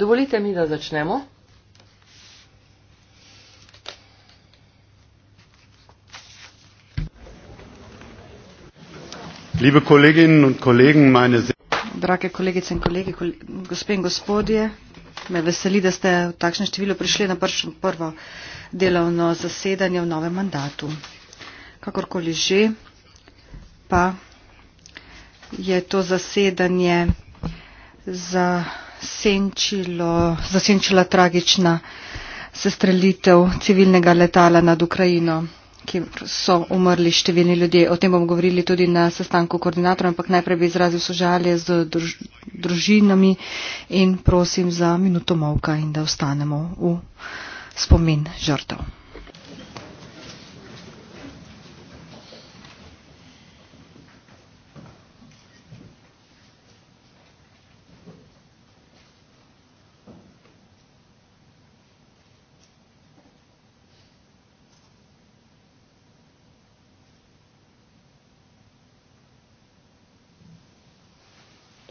Dovolite mi, da začnemo. Liebe Kolleginnen und Kollegen, meine Drage kolegice in kolegi, gospe in gospodje, me veseli, da ste v takšnem številu prišli na prvo delovno zasedanje v novem mandatu. Kakorkoli že, pa je to zasedanje za senčilo, zasenčila tragična sestrelitev civilnega letala nad Ukrajino, ki so umrli številni ljudje. O tem bom govorili tudi na sestanku koordinatorja, ampak najprej bi izrazil sožalje z druž družinami in prosim za minuto molka in da ostanemo v spomin žrtev.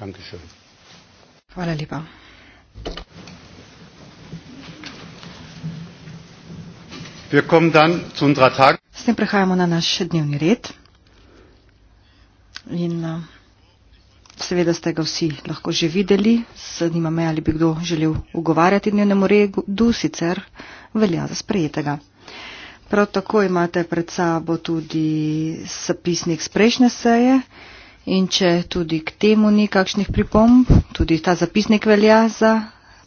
Dankeschön. Hvala lepa. Wir kommen dann zu unserer Tag S tem prehajamo na naš dnevni red in uh, seveda ste ga vsi lahko že videli. Zanima me, ali bi kdo želel ugovarjati dnevnemu redu, sicer velja za sprejetega. Prav tako imate pred sabo tudi zapisnik z prejšnje seje. In če tudi k temu ni kakšnih pripomb, tudi ta zapisnik velja za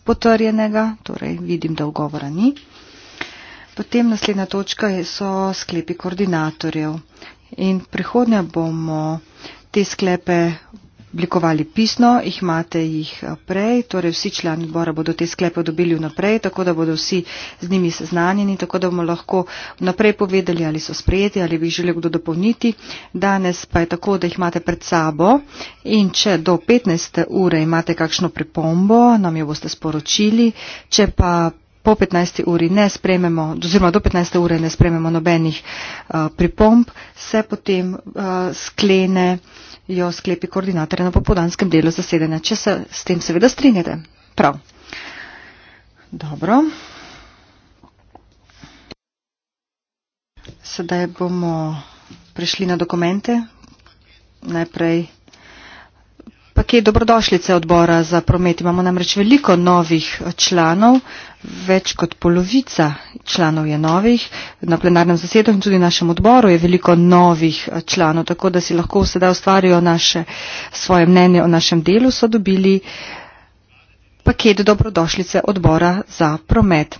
potrjenega, torej vidim, da ugovora ni. Potem naslednja točka so sklepi koordinatorjev. In prihodnje bomo te sklepe oblikovali pisno, jih imate jih eh, prej, torej vsi člani odbora bodo te sklepe dobili vnaprej, tako da bodo vsi z njimi seznanjeni, tako da bomo lahko vnaprej povedali, ali so sprejeti, ali bi jih želel kdo dopolniti. Danes pa je tako, da jih imate pred sabo in če do 15. ure imate kakšno pripombo, nam jo boste sporočili, če pa po 15. uri ne sprememo, oziroma do 15. ure ne sprememo nobenih uh, pripomb, se potem uh, sklene jo sklepi koordinator na popodanskem delu zasedanja, če se s tem seveda strinjate. Prav. Dobro. Sedaj bomo prišli na dokumente. Najprej paket dobrodošlice odbora za promet. Imamo namreč veliko novih članov, več kot polovica članov je novih. Na plenarnem zasedanju in tudi našem odboru je veliko novih članov, tako da si lahko sedaj ustvarijo naše, svoje mnenje o našem delu, so dobili paket dobrodošlice odbora za promet.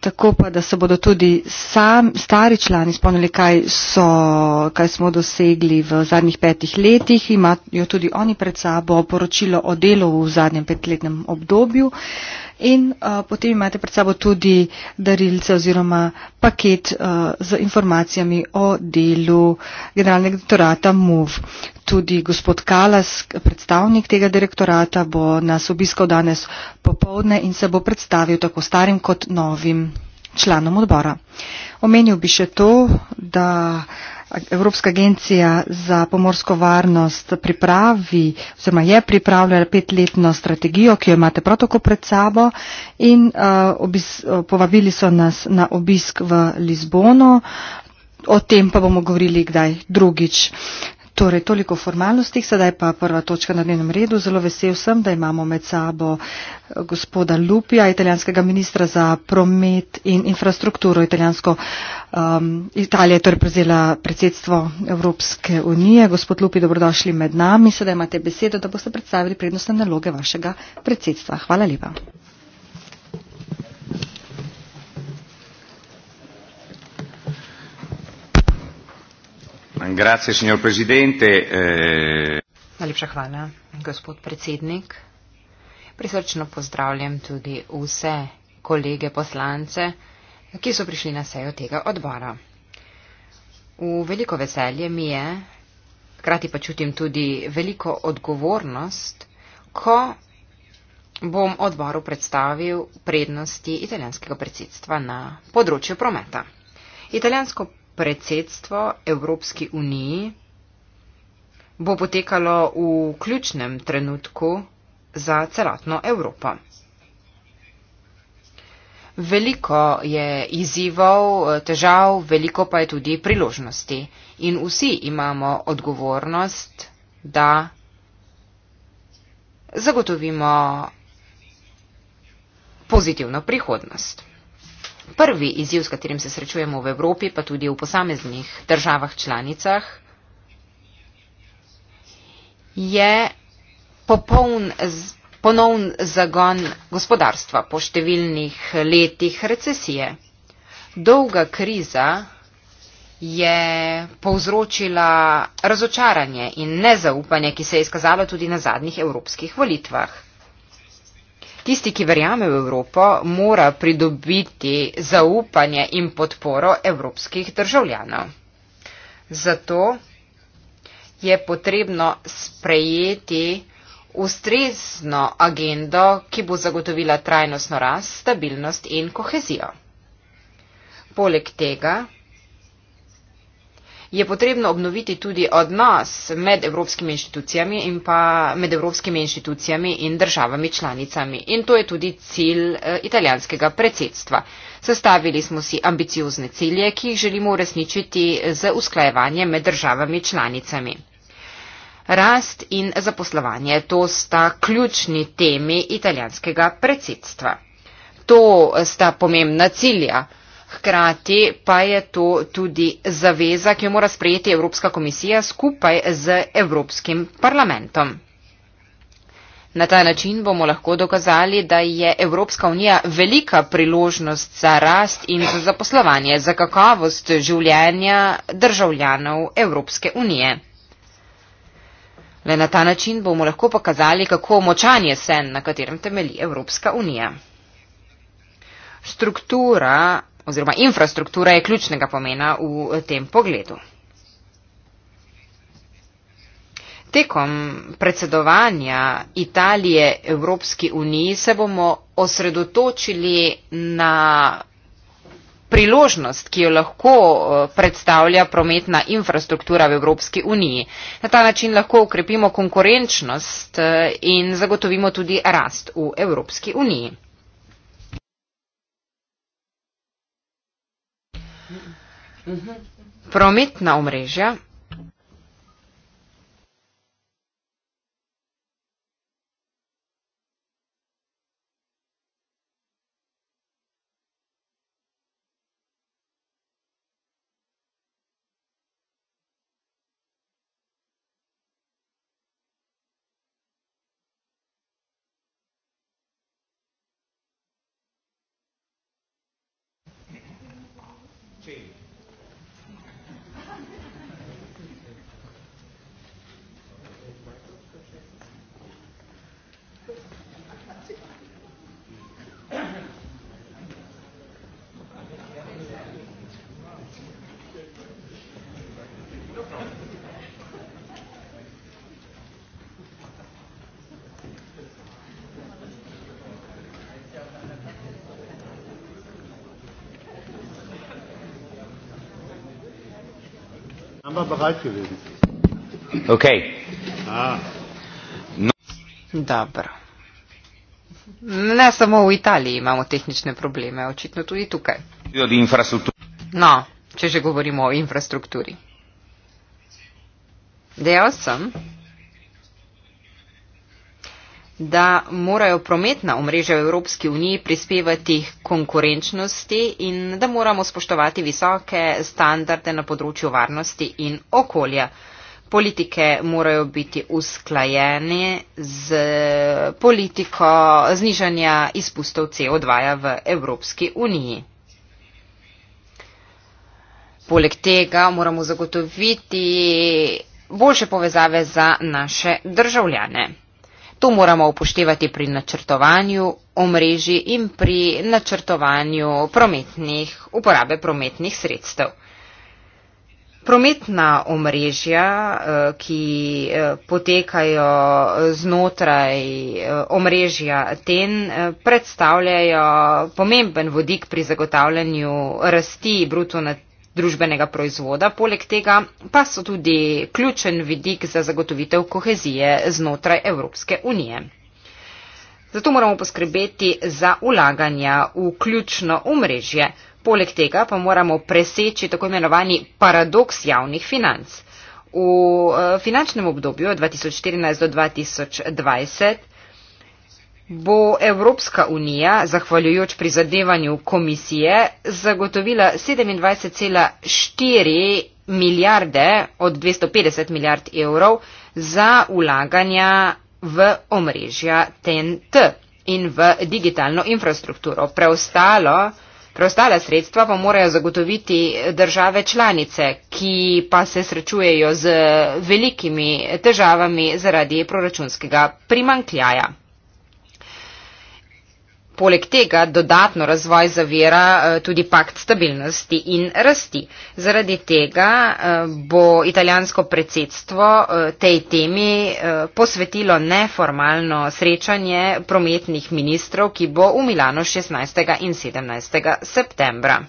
Tako pa, da se bodo tudi sam, stari člani spomnili, kaj, so, kaj smo dosegli v zadnjih petih letih. Imajo tudi oni pred sabo poročilo o delu v zadnjem petletnem obdobju. Uh, in uh, potem imate pred sabo tudi darilce oziroma paket uh, z informacijami o delu generalnega direktorata MOV. Tudi gospod Kalas, predstavnik tega direktorata, bo nas obiskal danes popovdne in se bo predstavil tako starim kot novim članom odbora. Omenil bi še to, da uh, Evropska agencija za pomorsko varnost pripravi oziroma je pripravljala petletno strategijo, ki jo imate prav tako pred sabo in uh, obis, povabili so nas na obisk v Lizbono. O tem pa bomo govorili kdaj drugič. Torej, toliko formalnostih, sedaj pa prva točka na dnevnem redu. Zelo vesel sem, da imamo med sabo eh, gospoda Lupija, italijanskega ministra za promet in infrastrukturo. Italijansko, um, ehm, Italija je torej prezela predsedstvo Evropske unije. Gospod Lupi, dobrodošli med nami. Sedaj imate besedo, da boste predstavili prednostne naloge vašega predsedstva. Hvala lepa. Grazie, signor Presidente. Eh, Najlepša hvala, gospod predsednik. Prisrčno pozdravljam tudi vse kolege poslance, ki so prišli na sejo tega odbora. V veliko veselje mi je, krati pa čutim tudi veliko odgovornost, ko bom odboru predstavil prednosti italijanskega predsedstva na področju prometa. Italijansko predsedstvo Evropski uniji bo potekalo v ključnem trenutku za celotno Evropo. Veliko je izzivov, težav, veliko pa je tudi priložnosti in vsi imamo odgovornost, da zagotovimo pozitivno prihodnost prvi izziv, s katerim se srečujemo v Evropi, pa tudi v posameznih državah članicah, je popoln ponovn zagon gospodarstva po številnih letih recesije. Dolga kriza je povzročila razočaranje in nezaupanje, ki se je izkazalo tudi na zadnjih evropskih volitvah. Tisti, ki verjame v Evropo, mora pridobiti zaupanje in podporo evropskih državljanov. Zato je potrebno sprejeti ustrezno agendo, ki bo zagotovila trajnostno rast, stabilnost in kohezijo. Poleg tega, je potrebno obnoviti tudi odnos med evropskimi inštitucijami in pa med evropskimi inštitucijami in državami članicami. In to je tudi cilj eh, italijanskega predsedstva. Sestavili smo si ambiciozne cilje, ki jih želimo uresničiti z usklajevanjem med državami članicami. Rast in zaposlovanje, to sta ključni temi italijanskega predsedstva. To sta pomembna cilja. Hkrati pa je to tudi zaveza, ki jo mora sprejeti Evropska komisija skupaj z Evropskim parlamentom. Na ta način bomo lahko dokazali, da je Evropska unija velika priložnost za rast in za zaposlovanje, za kakovost življenja državljanov Evropske unije. Le na ta način bomo lahko pokazali, kako močan je sen, na katerem temelji Evropska unija. Struktura oziroma infrastruktura je ključnega pomena v tem pogledu. Tekom predsedovanja Italije Evropski uniji se bomo osredotočili na priložnost, ki jo lahko eh, predstavlja prometna infrastruktura v Evropski uniji. Na ta način lahko ukrepimo konkurenčnost eh, in zagotovimo tudi rast v Evropski uniji. prometna omrežja, immer bereit gewesen. Okay. Ah. No. Dobro. Ne samo v Italiji imamo tehnične probleme, očitno tudi tukaj. No, če že govorimo o infrastrukturi. Dejal sem, da morajo prometna omrežja v Evropski uniji prispevati k konkurenčnosti in da moramo spoštovati visoke standarde na področju varnosti in okolja. Politike morajo biti usklajene z politiko znižanja izpustov CO2 -ja v Evropski uniji. Poleg tega moramo zagotoviti boljše povezave za naše državljane. To moramo upoštevati pri načrtovanju omrežji in pri načrtovanju prometnih, uporabe prometnih sredstev. Prometna omrežja, eh, ki eh, potekajo znotraj eh, omrežja TEN, predstavljajo pomemben vodik pri zagotavljanju rasti bruto družbenega proizvoda, poleg tega pa so tudi ključen vidik za zagotovitev kohezije znotraj Evropske unije. Zato moramo poskrbeti za ulaganja v ključno umrežje, poleg tega pa moramo preseči tako imenovani paradoks javnih financ. V eh, finančnem obdobju 2014 do 2020 Bo Evropska unija, zahvaljujoč prizadevanju komisije, zagotovila 27,4 milijarde od 250 milijard evrov za ulaganja v omrežja TNT in v digitalno infrastrukturo. Preostalo, preostale sredstva pa morajo zagotoviti države članice, ki pa se srečujejo z velikimi težavami zaradi proračunskega primankljaja. Poleg tega dodatno razvoj zavira eh, tudi pakt stabilnosti in rasti. Zaradi tega eh, bo italijansko predsedstvo eh, tej temi posvetilo neformalno srečanje prometnih ministrov, ki bo v Milano 16. in 17. septembra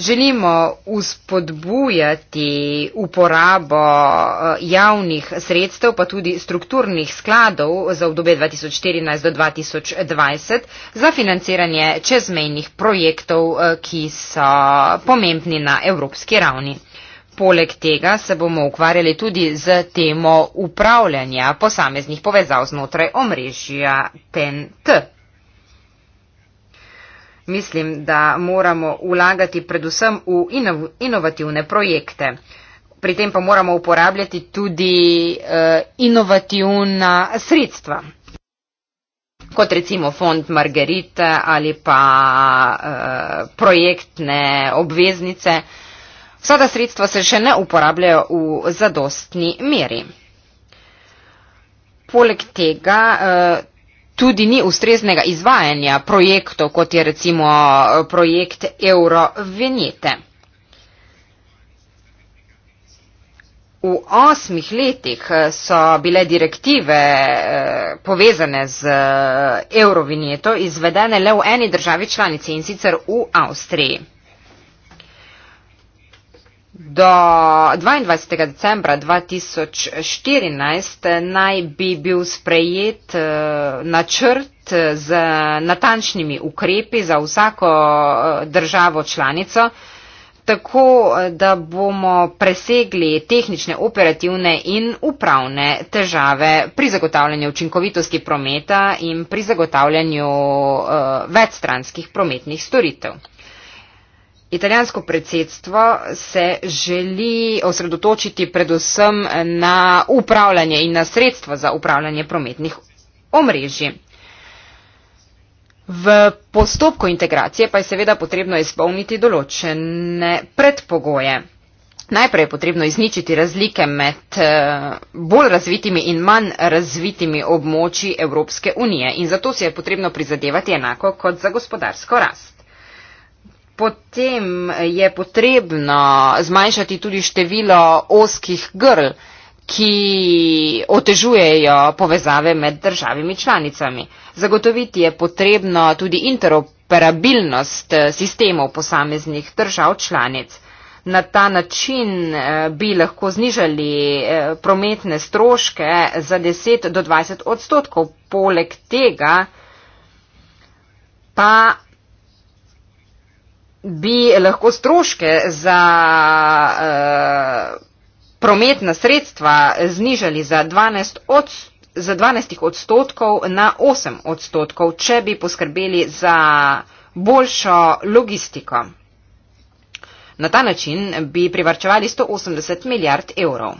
želimo uspodbujati uporabo eh, javnih sredstev, pa tudi strukturnih skladov za obdobje 2014 do 2020 za financiranje čezmejnih projektov, eh, ki so pomembni na evropski ravni. Poleg tega se bomo ukvarjali tudi z temo upravljanja posameznih povezav znotraj omrežja TNT. Mislim, da moramo vlagati predvsem v inov, inovativne projekte. Pri tem pa moramo uporabljati tudi uh, inovativna sredstva, kot recimo fond Margarita ali pa uh, projektne obveznice. Vsa ta sredstva se še ne uporabljajo v zadostni meri. Poleg tega eh, tudi ni ustreznega izvajanja projektov, kot je recimo eh, projekt Eurovenjete. V osmih letih eh, so bile direktive eh, povezane z Eurovinjeto izvedene le v eni državi članici in sicer v Avstriji do 22. decembra 2014 naj bi bil sprejet eh, načrt eh, z natančnimi ukrepi za vsako eh, državo članico, tako da bomo presegli tehnične, operativne in upravne težave pri zagotavljanju učinkovitosti prometa in pri zagotavljanju uh, večstranskih prometnih storitev. Italijansko predsedstvo se želi osredotočiti predvsem na upravljanje in na sredstva za upravljanje prometnih omrežji. V postopku integracije pa je seveda potrebno izpolniti določene predpogoje. Najprej je potrebno izničiti razlike med eh, bolj razvitimi in manj razvitimi območji Evropske unije in zato si je potrebno prizadevati enako kot za gospodarsko rast potem je potrebno zmanjšati tudi število oskih grl, ki otežujejo povezave med državami članicami. Zagotoviti je potrebno tudi interoperabilnost eh, sistemov posameznih držav članic. Na ta način eh, bi lahko znižali eh, prometne stroške za 10 do 20 odstotkov. Poleg tega pa bi lahko stroške za uh, prometna sredstva znižali za 12, odst za 12 odstotkov na 8 odstotkov, če bi poskrbeli za boljšo logistiko. Na ta način bi privarčevali 180 milijard evrov.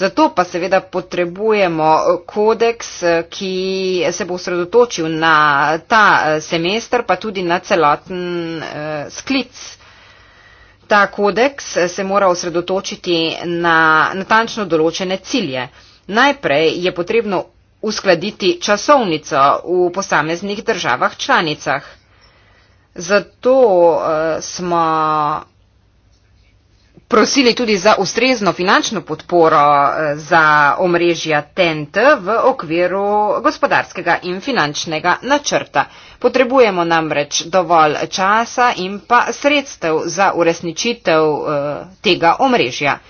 Zato pa seveda potrebujemo eh, kodeks, eh, ki se bo sredotočil na eh, ta semester, pa tudi na celoten sklic. Ta kodeks se mora osredotočiti na natančno določene cilje. Najprej je potrebno uskladiti časovnico v posameznih državah članicah. Zato uh, smo prosili tudi za ustrezno finančno podporo eh, za omrežja TENT v okviru gospodarskega in finančnega načrta. Potrebujemo namreč dovolj časa in pa sredstev za uresničitev eh, tega omrežja.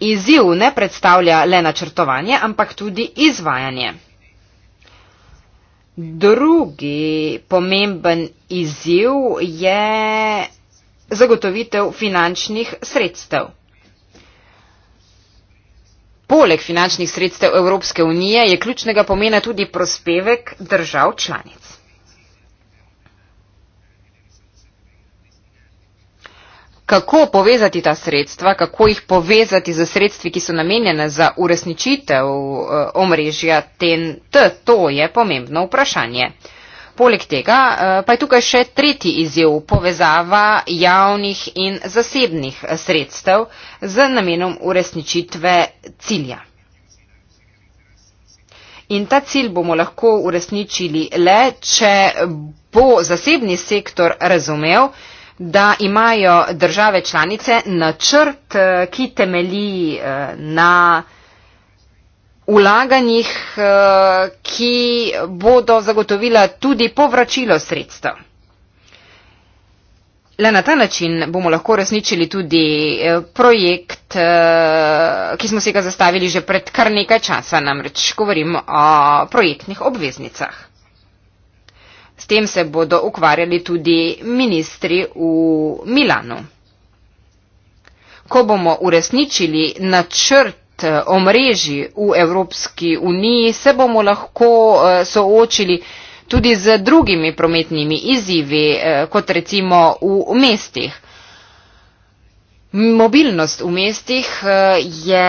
Izziv ne predstavlja le načrtovanje, ampak tudi izvajanje. Drugi pomemben izziv je zagotovitev finančnih sredstev. Poleg finančnih sredstev Evropske unije je ključnega pomena tudi prospevek držav članic. Kako povezati ta sredstva, kako jih povezati z sredstvi, ki so namenjene za uresničitev eh, omrežja TNT, to je pomembno vprašanje. Poleg tega eh, pa je tukaj še tretji izjev povezava javnih in zasebnih sredstev z namenom uresničitve cilja. In ta cilj bomo lahko uresničili le, če bo zasebni sektor razumel, da imajo države članice načrt, eh, ki temeli eh, na vlaganjih, eh, ki bodo zagotovila tudi povračilo sredstev. Le na ta način bomo lahko resničili tudi eh, projekt, eh, ki smo se ga zastavili že pred kar nekaj časa, namreč govorim o projektnih obveznicah. S tem se bodo ukvarjali tudi ministri v Milanu. Ko bomo uresničili načrt Eh, omrežji v Evropski uniji, se bomo lahko eh, soočili tudi z drugimi prometnimi izzivi, eh, kot recimo v mestih. Mobilnost v mestih je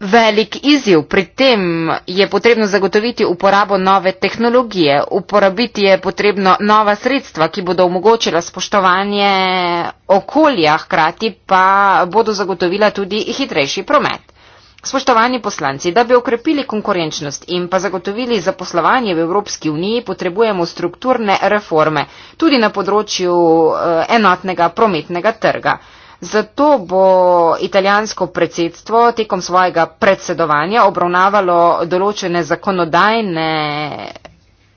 Velik izziv pri tem je potrebno zagotoviti uporabo nove tehnologije, uporabiti je potrebno nova sredstva, ki bodo omogočila spoštovanje okolja, hkrati pa bodo zagotovila tudi hitrejši promet. Spoštovani poslanci, da bi okrepili konkurenčnost in pa zagotovili zaposlovanje v Evropski uniji, potrebujemo strukturne reforme tudi na področju eh, enotnega prometnega trga. Zato bo italijansko predsedstvo tekom svojega predsedovanja obravnavalo določene zakonodajne,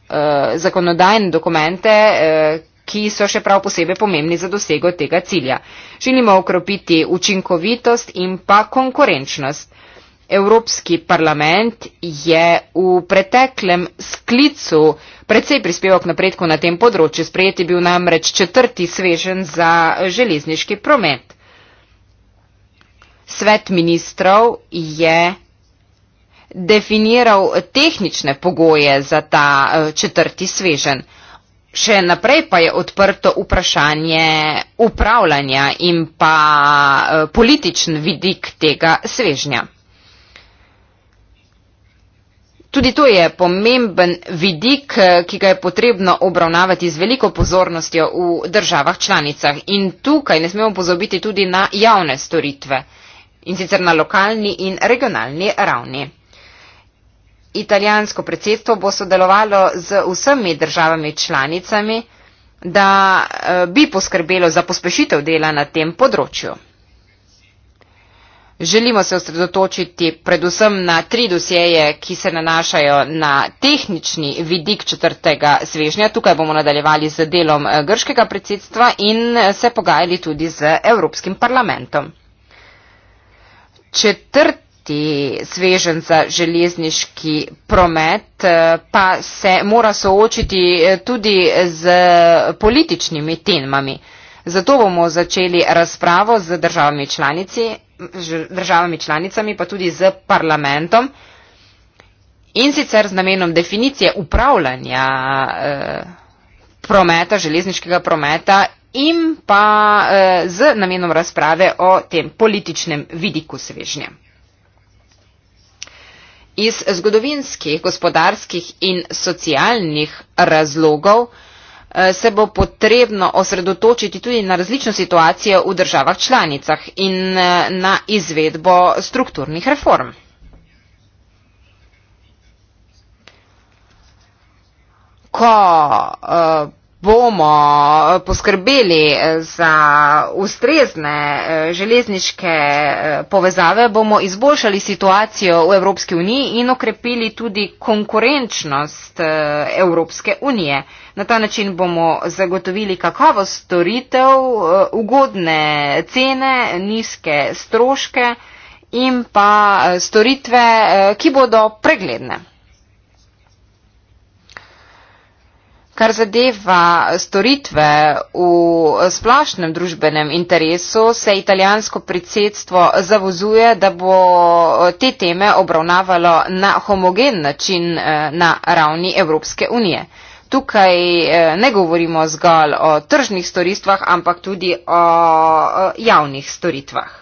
eh, zakonodajne dokumente, eh, ki so še prav posebej pomembni za dosego tega cilja. Želimo okropiti učinkovitost in pa konkurenčnost. Evropski parlament je v preteklem sklicu predvsej prispeval k napredku na tem področju. Sprejeti bil namreč četrti svežen za železniški promet. Svet ministrov je definiral tehnične pogoje za ta eh, četrti svežen. Še naprej pa je odprto vprašanje upravljanja in pa eh, političen vidik tega svežnja. Tudi to je pomemben vidik, eh, ki ga je potrebno obravnavati z veliko pozornostjo v državah članicah. In tukaj ne smemo pozabiti tudi na javne storitve in sicer na lokalni in regionalni ravni. Italijansko predsedstvo bo sodelovalo z vsemi državami članicami, da eh, bi poskrbelo za pospešitev dela na tem področju. Želimo se osredotočiti predvsem na tri dosjeje, ki se nanašajo na tehnični vidik četrtega svežnja. Tukaj bomo nadaljevali z delom eh, grškega predsedstva in eh, se pogajali tudi z Evropskim parlamentom četrti svežen za železniški promet, eh, pa se mora soočiti eh, tudi z političnimi temami. Zato bomo začeli razpravo z državami, članici, z državami članicami, pa tudi z parlamentom in sicer z namenom definicije upravljanja eh, prometa, železniškega prometa in pa eh, z namenom razprave o tem političnem vidiku svežnja. Iz zgodovinskih, gospodarskih in socialnih razlogov eh, se bo potrebno osredotočiti tudi na različno situacijo v državah članicah in eh, na izvedbo strukturnih reform. Ko uh, bomo eh, poskrbeli eh, za ustrezne eh, železniške povezave, bomo izboljšali situacijo v Evropski uniji in okrepili tudi konkurenčnost Evropske unije. Na ta način bomo zagotovili kakovost storitev, ugodne cene, nizke stroške in pa storitve, ki bodo pregledne. Kar zadeva storitve v splošnem družbenem interesu, se italijansko predsedstvo zavozuje, da bo te teme obravnavalo na homogen način eh, na ravni Evropske unije. Tukaj eh, ne govorimo zgolj o tržnih storitvah, ampak tudi o eh, javnih storitvah.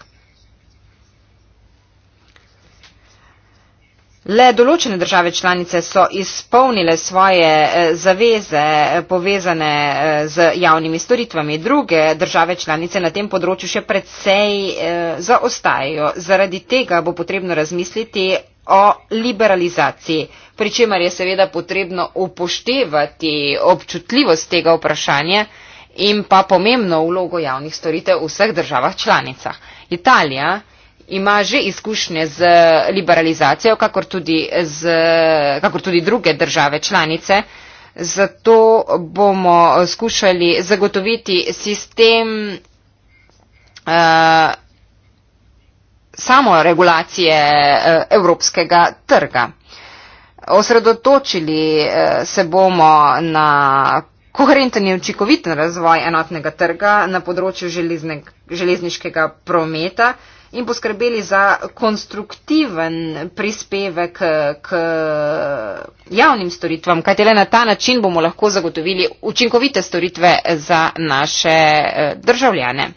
Le določene države članice so izpolnile svoje eh, zaveze eh, povezane eh, z javnimi storitvami, druge države članice na tem področju še predvsej zaostajajo. Zaradi tega bo potrebno razmisliti o liberalizaciji, pri čemer je seveda potrebno upoštevati občutljivost tega vprašanja in pa pomembno vlogo javnih storitev v vseh državah članicah. Italija ima že izkušnje z liberalizacijo, kakor tudi, z, kakor tudi druge države članice. Zato bomo skušali zagotoviti sistem uh, samoregulacije uh, evropskega trga. Osredotočili uh, se bomo na koherenten in učinkovit razvoj enotnega trga na področju železne, železniškega prometa. Uh, in poskrbeli za konstruktiven prispevek k javnim storitvam, kajte le na ta način bomo lahko zagotovili učinkovite storitve za naše eh, državljane.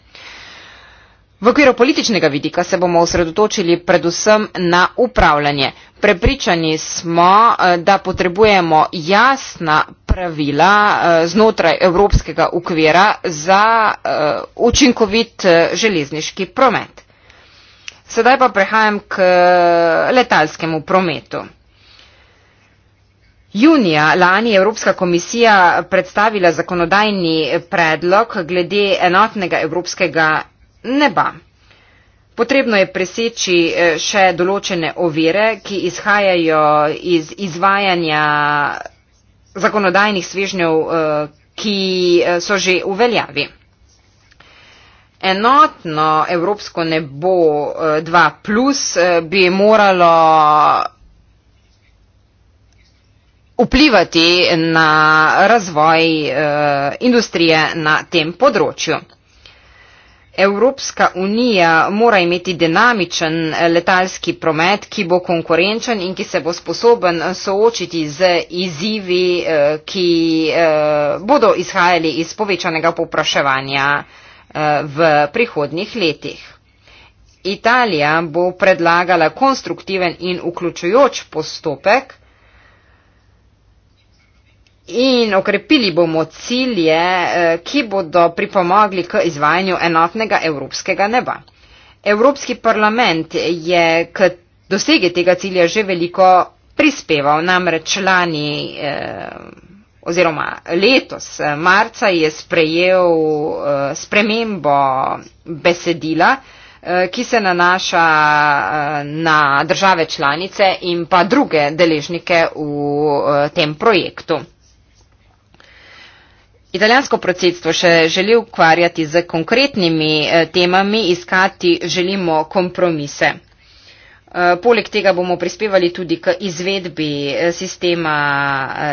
V okviru političnega vidika se bomo osredotočili predvsem na upravljanje. Prepričani smo, eh, da potrebujemo jasna pravila eh, znotraj evropskega ukvira za učinkovit železniški promet. Sedaj pa prehajam k eh, letalskemu prometu. Junija lani je Evropska komisija predstavila zakonodajni predlog glede enotnega evropskega neba. Potrebno je preseči eh, še določene ovire, ki izhajajo iz izvajanja zakonodajnih svežnjev, eh, ki so že v veljavi enotno evropsko nebo 2, eh, plus, eh, bi moralo vplivati na razvoj eh, industrije na tem področju. Evropska unija mora imeti dinamičen letalski promet, ki bo konkurenčen in ki se bo sposoben soočiti z izzivi, ki bodo izhajali iz povečanega popraševanja Eh, v prihodnih letih. Italija bo predlagala konstruktiven in vključujoč postopek in okrepili bomo cilje, eh, ki bodo pripomogli k izvajanju enotnega evropskega neba. Evropski parlament je k dosegi tega cilja že veliko prispeval, namreč člani. Eh, oziroma letos eh, marca je sprejel eh, spremembo besedila, eh, ki se nanaša na države članice in pa druge deležnike v tem projektu. Italijansko predsedstvo še želi ukvarjati z konkretnimi temami, iskati želimo kompromise. Eh, poleg tega bomo prispevali tudi k izvedbi eh, sistema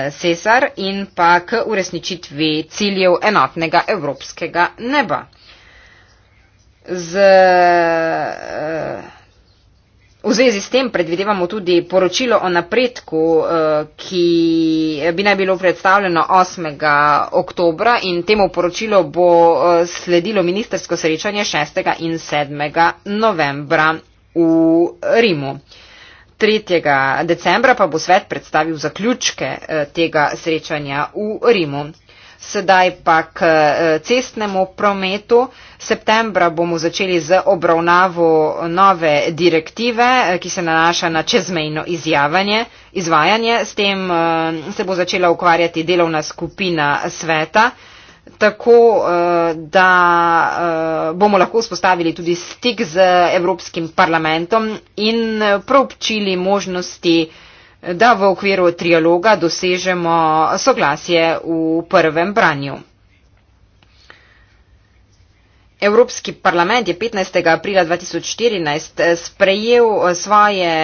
eh, CESAR in pa k uresničitvi ciljev enotnega evropskega neba. Z, v zvezi s tem predvidevamo tudi poročilo o napredku, ki bi naj bilo predstavljeno 8. oktober in temu poročilu bo sledilo ministersko srečanje 6. in 7. novembra v Rimu. 3. decembra pa bo svet predstavil zaključke eh, tega srečanja v Rimu. Sedaj pa k eh, cestnemu prometu. Septembra bomo začeli z obravnavo nove direktive, eh, ki se nanaša na čezmejno izvajanje. S tem se bo začela ukvarjati delovna skupina sveta tako eh, da eh, bomo lahko spostavili tudi stik z Evropskim parlamentom in eh, proobčili možnosti, da v okviru trialoga dosežemo soglasje v prvem branju. Evropski parlament je 15. aprila 2014 sprejel svoje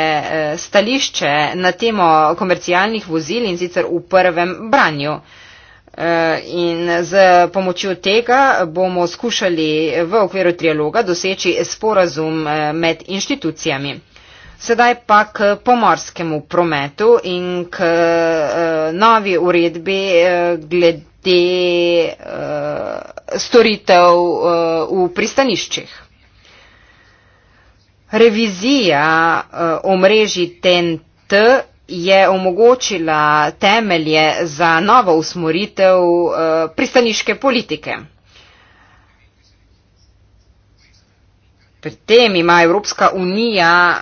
stališče na temo komercialnih vozil in sicer v prvem branju. Eh, in z pomočjo tega bomo skušali v okviru trialoga doseči sporazum eh, med inštitucijami. Sedaj pa k pomorskemu prometu in k eh, novi uredbi glede storitev v pristaniščih. Revizija omrežji TNT je omogočila temelje za novo usmoritev eh, pristaniške politike. Pri tem ima Evropska unija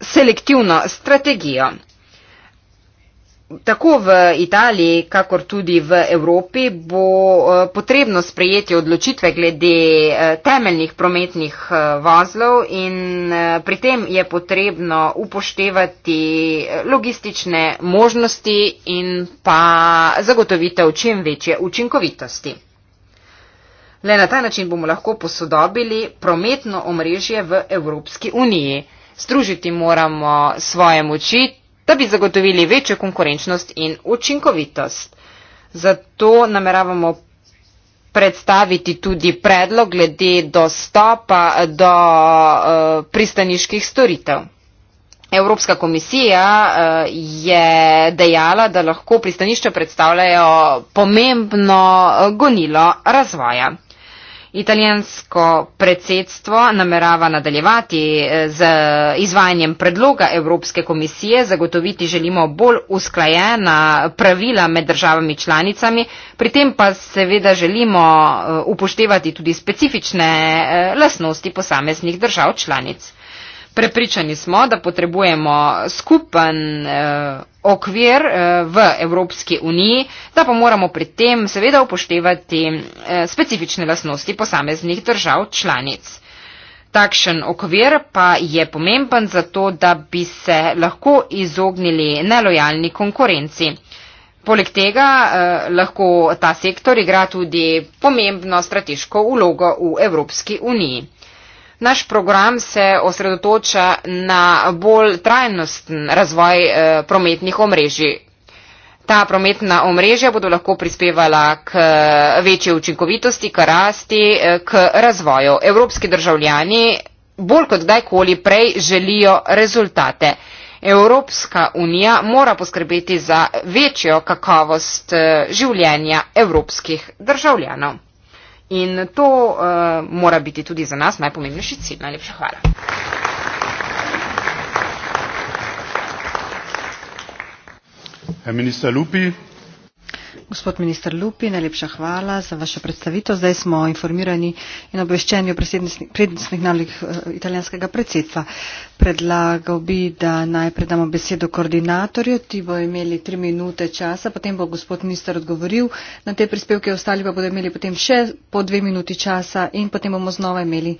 selektivno strategijo. Tako v Italiji, kakor tudi v Evropi bo eh, potrebno sprejeti odločitve glede eh, temeljnih prometnih eh, vozlov in pri tem je potrebno upoštevati logistične možnosti in pa zagotovitev čim večje učinkovitosti. Le na ta način bomo lahko posodobili prometno omrežje v Evropski uniji. Združiti moramo svoje moči da bi zagotovili večjo konkurenčnost in učinkovitost. Zato nameravamo predstaviti tudi predlog glede dostopa do eh, pristaniških storitev. Evropska komisija eh, je dejala, da lahko pristanišča predstavljajo pomembno eh, gonilo razvoja. Italijansko predsedstvo namerava nadaljevati eh, z izvajanjem predloga Evropske komisije, zagotoviti želimo bolj usklajena pravila med državami članicami, pri tem pa seveda želimo eh, upoštevati tudi specifične eh, lasnosti posameznih držav članic. Prepričani smo, da potrebujemo skupen eh, okvir eh, v Evropski uniji, da pa moramo pri tem seveda upoštevati eh, specifične lasnosti posameznih držav članic. Takšen okvir pa je pomemben zato, da bi se lahko izognili nelojalni konkurenci. Poleg tega eh, lahko ta sektor igra tudi pomembno strateško ulogo v Evropski uniji. Naš program se osredotoča na bolj trajnostn razvoj eh, prometnih omrežij. Ta prometna omrežja bodo lahko prispevala k eh, večji učinkovitosti, k rasti, eh, k razvoju. Evropski državljani bolj kot kdajkoli prej želijo rezultate. Evropska unija mora poskrbeti za večjo kakovost življenja evropskih državljanov. In to uh, mora biti tudi za nas najpomembnejši cilj. Najlepša hvala. Minister Lupi, Gospod minister Lupi, najlepša hvala za vašo predstavitev. Zdaj smo informirani in obveščeni o prednostnih nalogih uh, italijanskega predsedstva. Predlagal bi, da najprej damo besedo koordinatorju, ti bo imeli tri minute časa, potem bo gospod minister odgovoril na te prispevke, ostali pa bodo imeli potem še po dve minuti časa in potem bomo znova imeli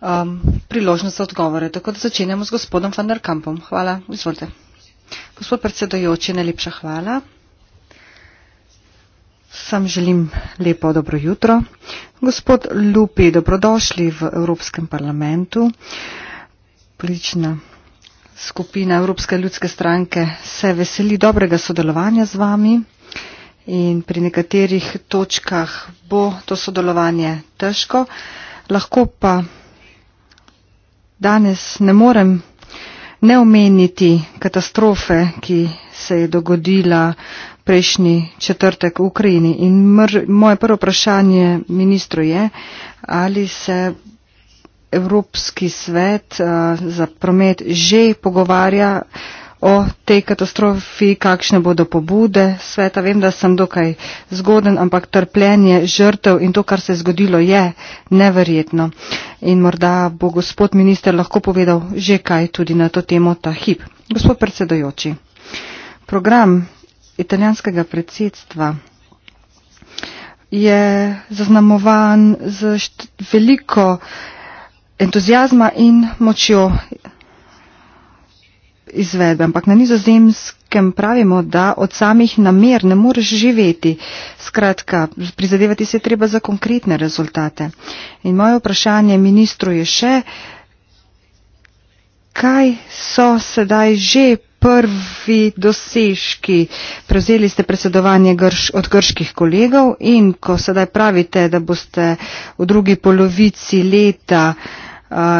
um, priložnost za odgovore. Tako da začenjamo z gospodom Van der Kampom. Hvala, izvolite. Gospod predsedojoči, najlepša hvala. Sam želim lepo dobro jutro. Gospod Lupi, dobrodošli v Evropskem parlamentu. Politična skupina Evropske ljudske stranke se veseli dobrega sodelovanja z vami in pri nekaterih točkah bo to sodelovanje težko. Lahko pa danes ne morem ne omeniti katastrofe, ki se je dogodila prejšnji četrtek v Ukrajini. In mr, moje prvo vprašanje ministru je, ali se Evropski svet uh, za promet že pogovarja o tej katastrofi, kakšne bodo pobude sveta. Vem, da sem dokaj zgoden, ampak trpljenje žrtev in to, kar se je zgodilo, je neverjetno. In morda bo gospod minister lahko povedal že kaj tudi na to temo ta hip. Gospod predsedojoči, program italijanskega predsedstva je zaznamovan z veliko entuzijazma in močjo izvedbe. Ampak na nizozemskem pravimo, da od samih namer ne moreš živeti. Skratka, prizadevati se je treba za konkretne rezultate. In moje vprašanje ministru je še, kaj so sedaj že prvi dosežki. Prevzeli ste predsedovanje grš, od grških kolegov in ko sedaj pravite, da boste v drugi polovici leta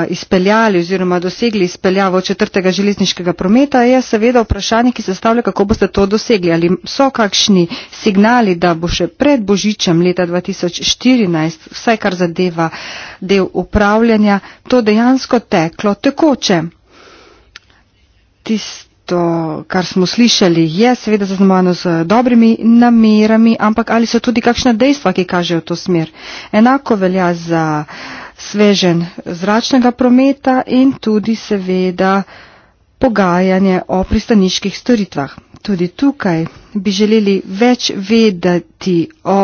izpeljali oziroma dosegli izpeljavo četrtega železniškega prometa, je seveda vprašanje, ki se stavlja, kako boste to dosegli. Ali so kakšni signali, da bo še pred božičem leta 2014, vsaj kar zadeva del upravljanja, to dejansko teklo tekoče? Tist to, kar smo slišali, je seveda zaznamovano z dobrimi namerami, ampak ali so tudi kakšna dejstva, ki kažejo to smer. Enako velja za svežen zračnega prometa in tudi seveda pogajanje o pristaniških storitvah. Tudi tukaj bi želeli več vedeti o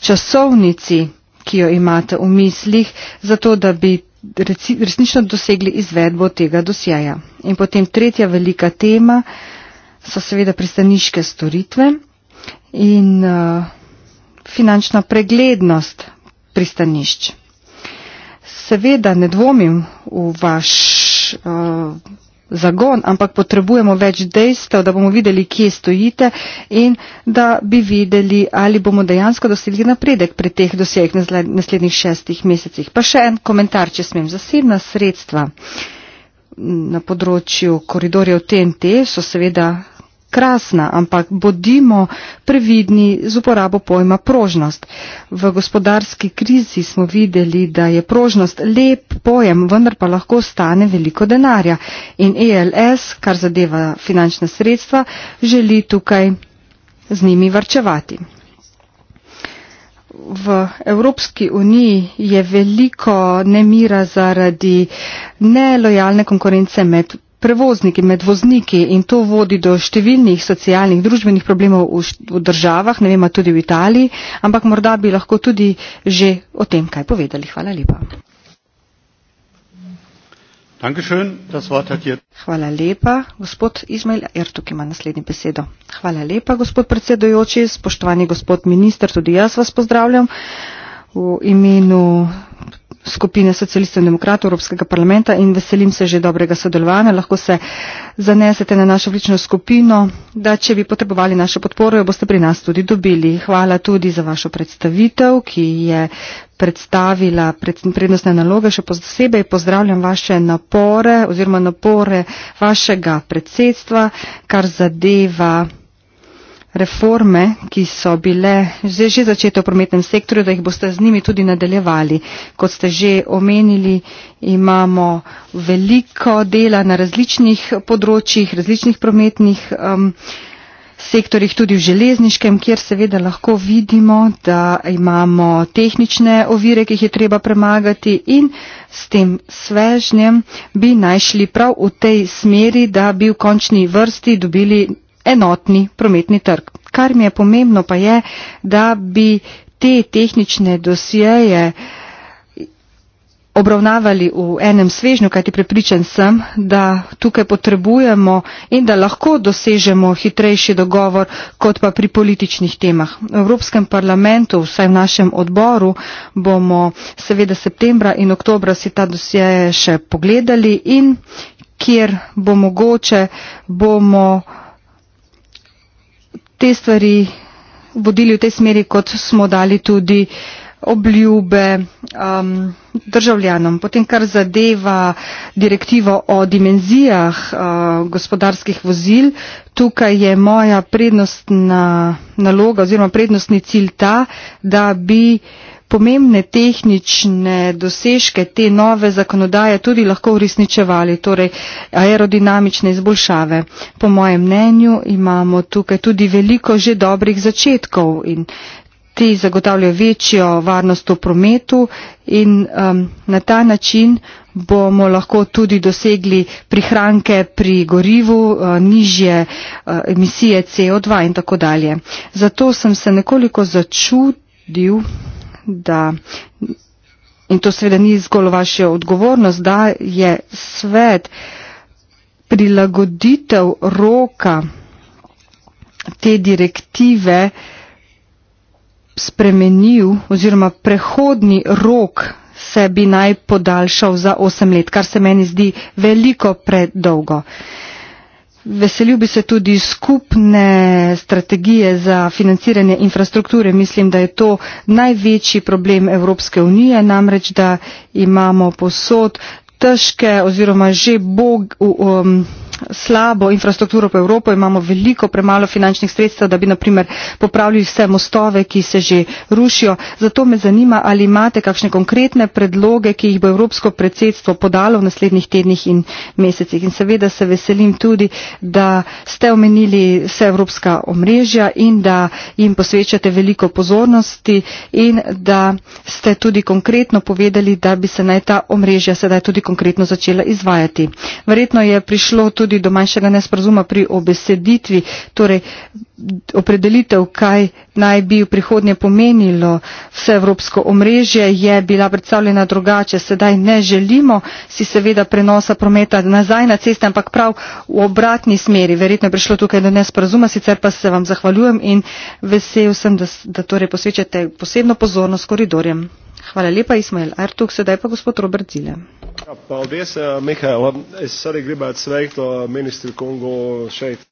časovnici, ki jo imate v mislih, zato da bi resnično dosegli izvedbo tega dosjeja. In potem tretja velika tema so seveda pristaniške storitve in uh, finančna preglednost pristanišč. Seveda ne dvomim v vaš. Uh, zagon, ampak potrebujemo več dejstev, da bomo videli, kje stojite in da bi videli, ali bomo dejansko dosegli napredek pri teh dosegih naslednjih šestih mesecih. Pa še en komentar, če smem, zasebna sredstva na področju koridorjev TNT so seveda prekrasna, ampak bodimo previdni z uporabo pojma prožnost. V gospodarski krizi smo videli, da je prožnost lep pojem, vendar pa lahko stane veliko denarja. In ELS, kar zadeva finančna sredstva, želi tukaj z njimi varčevati. V Evropski uniji je veliko nemira zaradi nelojalne konkurence med prevozniki, med vozniki in to vodi do številnih socialnih, družbenih problemov v, v državah, ne vem, tudi v Italiji, ampak morda bi lahko tudi že o tem kaj povedali. Hvala lepa. Hvala lepa. Gospod Izmail Ertuk ima naslednji besedo. Hvala lepa, gospod predsedojoči, spoštovani gospod minister, tudi jaz vas pozdravljam v imenu skupine socialistov in demokratov Evropskega parlamenta in veselim se že dobrega sodelovanja. Lahko se zanesete na našo vlično skupino, da če bi potrebovali našo podporo, jo boste pri nas tudi dobili. Hvala tudi za vašo predstavitev, ki je predstavila prednostne naloge. Še posebej pozdravljam vaše napore oziroma napore vašega predsedstva, kar zadeva reforme, ki so bile že, že začete v prometnem sektorju, da jih boste z njimi tudi nadaljevali. Kot ste že omenili, imamo veliko dela na različnih področjih, različnih prometnih um, sektorjih, tudi v železniškem, kjer seveda lahko vidimo, da imamo tehnične ovire, ki jih je treba premagati in s tem svežnjem bi najšli prav v tej smeri, da bi v končni vrsti dobili enotni prometni trg. Kar mi je pomembno pa je, da bi te tehnične dosjeje obravnavali v enem svežnju, kajti prepričan sem, da tukaj potrebujemo in da lahko dosežemo hitrejši dogovor kot pa pri političnih temah. V Evropskem parlamentu, vsaj v našem odboru, bomo seveda septembra in oktobra si ta dosjeje še pogledali in kjer bo mogoče, bomo te stvari vodili v tej smeri, kot smo dali tudi obljube um, državljanom. Potem, kar zadeva direktivo o dimenzijah uh, gospodarskih vozil, tukaj je moja prednostna naloga oziroma prednostni cilj ta, da bi uh, pomembne tehnične dosežke te nove zakonodaje tudi lahko uresničevali, torej aerodinamične izboljšave. Po mojem mnenju imamo tukaj tudi veliko že dobrih začetkov in ti zagotavljajo večjo varnost v prometu in um, na ta način bomo lahko tudi dosegli prihranke pri gorivu, uh, nižje uh, emisije CO2 in tako dalje. Zato sem se nekoliko začudil da in to seveda ni zgolj vaša odgovornost, da je svet prilagoditev roka te direktive spremenil oziroma prehodni rok se bi naj podaljšal za osem let, kar se meni zdi veliko predolgo. Uh, Veselil bi se tudi skupne strategije za financiranje infrastrukture. Mislim, da je to največji problem Evropske unije, namreč, da imamo posod težke oziroma že bog. Um, slabo infrastrukturo po evropi imamo veliko premalo finančnih sredstev da bi na primer popravili vse mostove ki se že rušijo zato me zanima ali imate kakšne konkretne predloge ki jih bo evropsko predsedstvo podalo v naslednjih tednih in mesecih in seveda se veselim tudi da ste omenili vse evropska omrežja in da jim posvečate veliko pozornosti in da ste tudi konkretno povedali da bi se naj ta omrežja sedaj tudi konkretno začela izvajati verjetno je prišlo tudi tudi do manjšega nesporazuma pri obeseditvi, torej opredelitev, kaj naj bi v prihodnje pomenilo vse evropsko omrežje, je bila predstavljena drugače. Sedaj ne želimo si seveda prenosa prometa nazaj na ceste, ampak prav v obratni smeri. Verjetno je prišlo tukaj do nesporazuma, sicer pa se vam zahvaljujem in vesel sem, da, da torej posvečate posebno pozornost koridorjem. Hvala lepa, Ismail Artuk. Sedaj pa gospod Robert Zile. Ja, paldies, eh, Mihael. Es arī gribētu sveikt ministru Kongu šeit.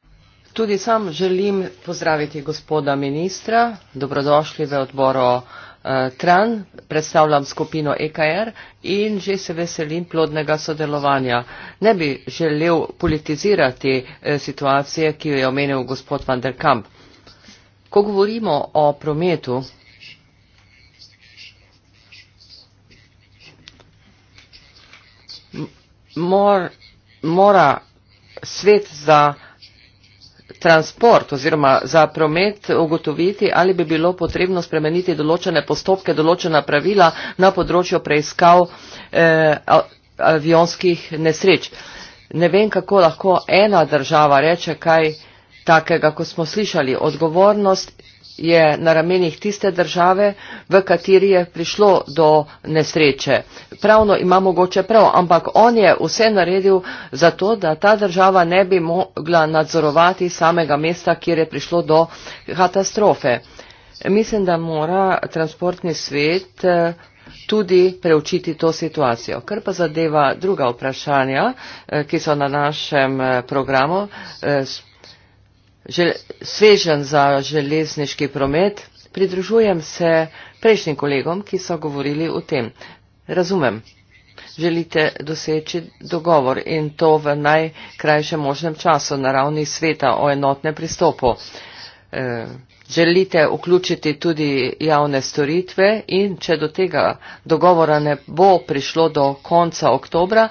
Tudi sam želim pozdraviti gospoda ministra. Dobrodošli v odboro uh, eh, TRAN. Predstavljam skupino EKR in že se veselim plodnega sodelovanja. Ne bi želel politizirati eh, situacije, ki jo je omenil gospod Van der Kamp. Ko govorimo o prometu, mor, mora svet za transport oziroma za promet ugotoviti, ali bi bilo potrebno spremeniti določene postopke, določena pravila na področju preiskav eh, avionskih nesreč. Ne vem, kako lahko ena država reče kaj takega, ko smo slišali. Odgovornost je na ramenih tiste države, v kateri je prišlo do nesreče. Pravno ima mogoče prav, ampak on je vse naredil za to, da ta država ne bi mogla nadzorovati samega mesta, kjer je prišlo do katastrofe. Mislim, da mora transportni svet eh, tudi preučiti to situacijo. Kar pa zadeva druga vprašanja, eh, ki so na našem eh, programu, žel, svežen za železniški promet. Pridružujem se prejšnjim kolegom, ki so govorili o tem. Razumem, želite doseči dogovor in to v najkrajšem možnem času na ravni sveta o enotnem pristopu. E, želite vključiti tudi javne storitve in če do tega dogovora ne bo prišlo do konca oktobra,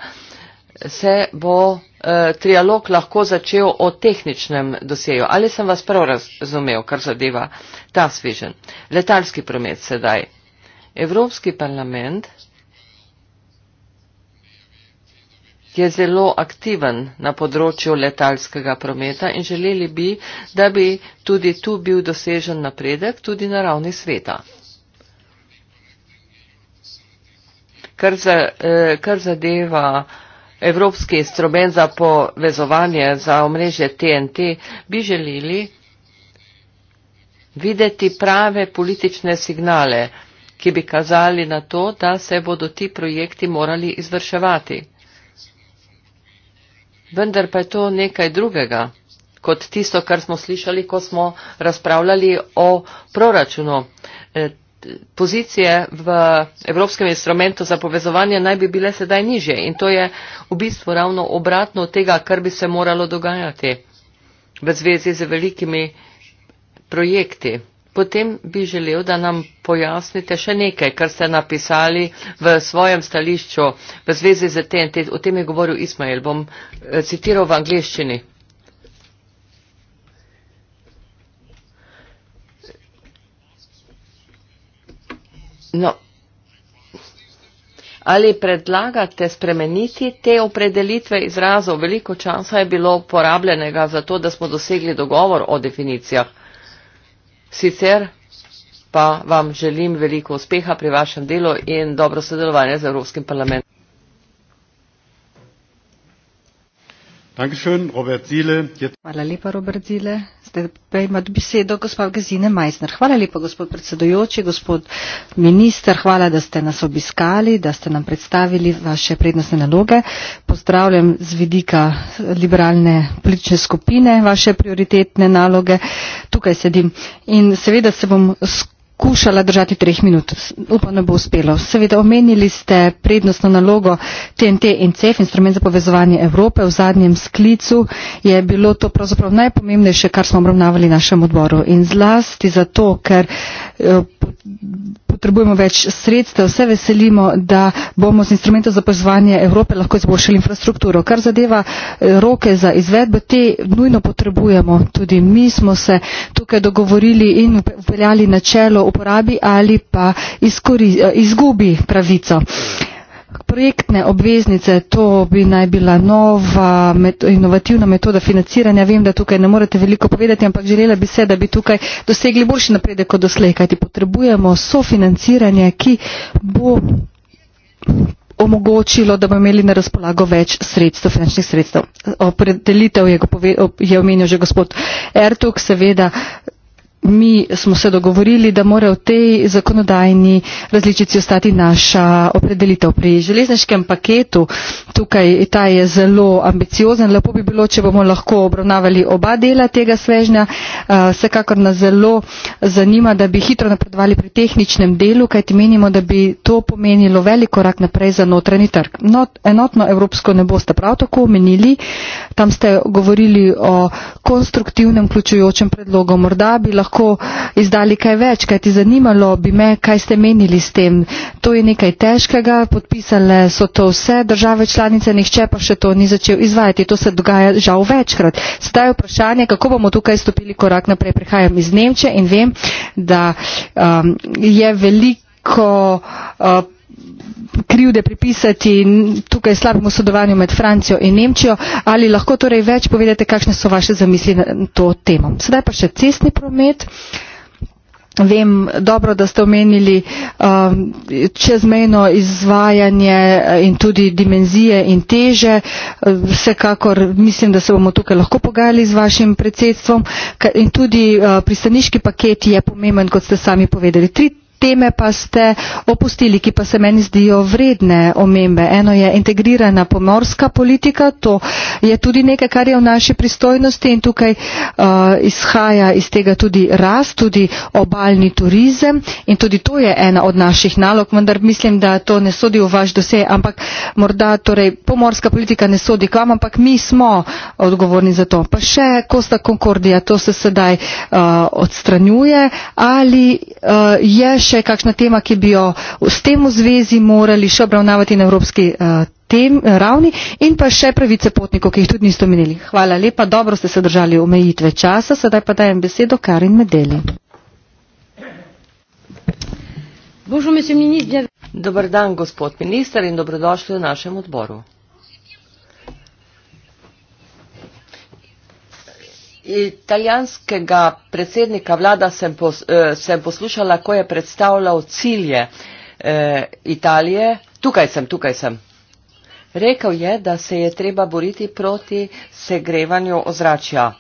se bo Eh, trialog lahko začel o tehničnem dosjeju. Ali sem vas prav razumel, kar zadeva ta svežen? Letalski promet sedaj. Evropski parlament je zelo aktiven na področju letalskega prometa in želeli bi, da bi tudi tu bil dosežen napredek, tudi na ravni sveta. Kar, za, eh, kar zadeva uh, evropski instrument za povezovanje za omrežje TNT, bi želeli videti prave politične signale, ki bi kazali na to, da se bodo ti projekti morali izvrševati. Vendar pa je to nekaj drugega kot tisto, kar smo slišali, ko smo razpravljali o proračunu. E, pozicije v Evropskem instrumentu za povezovanje naj bi bile sedaj nižje in to je v bistvu ravno obratno od tega, kar bi se moralo dogajati v zvezi z velikimi projekti. Potem bi želel, da nam pojasnite še nekaj, kar ste napisali v svojem stališču v zvezi z TNT. O tem je govoril Ismail. Bom eh, citiral v angliščini. No. Ali predlagate spremeniti te opredelitve izrazov? Veliko časa je bilo porabljenega za to, da smo dosegli dogovor o definicijah. Sicer pa vam želim veliko uspeha pri vašem delu in dobro sodelovanje z Evropskim parlamentom. Hvala lepa, Robert Zile. Zdaj ima besedo gospod Gazine Majsner. Hvala lepa, gospod predsedujoči, gospod minister. Hvala, da ste nas obiskali, da ste nam predstavili vaše prednostne naloge. Pozdravljam z vidika eh, liberalne politične skupine vaše prioritetne naloge. Tukaj sedim. In seveda se bom skupaj poskušala držati treh minut. Upam, da bo uspelo. Seveda omenili ste prednostno nalogo TNT in CEF, instrument za povezovanje Evrope. V zadnjem sklicu je bilo to pravzaprav najpomembnejše, kar smo obravnavali na našem odboru. In zlasti zato, ker potrebujemo več sredstev, vse veselimo, da bomo z instrumentom za povezovanje Evrope lahko izboljšali infrastrukturo. Kar zadeva roke za izvedbo, te nujno potrebujemo. Tudi mi smo se tukaj dogovorili in upeljali načelo uporabi ali pa eh, izgubi pravico. Projektne obveznice, to bi naj bila nova meto, inovativna metoda financiranja. Vem, da tukaj ne morete veliko povedati, ampak želela bi se, da bi tukaj dosegli boljši napredek kot doslej, kajti potrebujemo sofinanciranje, ki bo omogočilo, da bomo imeli na razpolago več sredstev, finančnih sredstev. Opredelitev je, je omenil že gospod Ertuk, seveda mi smo se dogovorili, da mora v tej zakonodajni različici ostati naša opredelitev. Pri železniškem paketu tukaj ta je zelo ambiciozen. Lepo bi bilo, če bomo lahko obravnavali oba dela tega svežnja. Vsekakor nas zelo zanima, da bi hitro napredovali pri tehničnem delu, kajti menimo, da bi to pomenilo velik korak naprej za notranji trg. Enotno Evropsko ne boste prav tako omenili. Tam ste govorili o konstruktivnem, vključujočem predlogu. Morda bi lahko lahko izdali kaj več, kaj ti zanimalo, bi me, kaj ste menili s tem. To je nekaj težkega, podpisale so to vse države članice, nihče pa še to ni začel izvajati. To se dogaja žal večkrat. Sedaj je vprašanje, kako bomo tukaj stopili korak naprej. Prihajam iz Nemče in vem, da um, je veliko. Uh, krivde pripisati tukaj slabemu sodelovanju med Francijo in Nemčijo. Ali lahko torej več povedete, kakšne so vaše zamisli na to temo? Sedaj pa še cestni promet. Vem dobro, da ste omenili um, čezmejno izvajanje eh, in tudi dimenzije in teže. Eh, vsekakor mislim, da se bomo tukaj lahko pogajali z vašim predsedstvom. In tudi uh, pristaniški paket je pomemben, kot ste sami povedali. Tri teme pa ste opustili, ki pa se meni zdijo vredne omembe. Eno je integrirana pomorska politika, to je tudi nekaj, kar je v naši pristojnosti in tukaj uh, izhaja iz tega tudi rast, tudi obaljni turizem in tudi to je ena od naših nalog, vendar mislim, da to ne sodi v vaš dose, ampak morda torej pomorska politika ne sodi k vam, ampak mi smo odgovorni za to. Pa še Kosta Concordia, to se sedaj uh, odstranjuje. Ali uh, je še še kakšna tema, ki bi jo s tem v zvezi morali še obravnavati na evropski uh, tem, eh, ravni in pa še pravice potnikov, ki jih tudi niste omenili. Hvala lepa, dobro ste se držali omejitve časa, sedaj pa dajem besedo Karin Medeli. Dobar dan, gospod minister in dobrodošli v našem odboru. italijanskega predsednika vlada sem, pos, eh, sem poslušala, ko je predstavljal cilje eh, Italije. Tukaj sem, tukaj sem. Rekel je, da se je treba boriti proti segrevanju ozračja.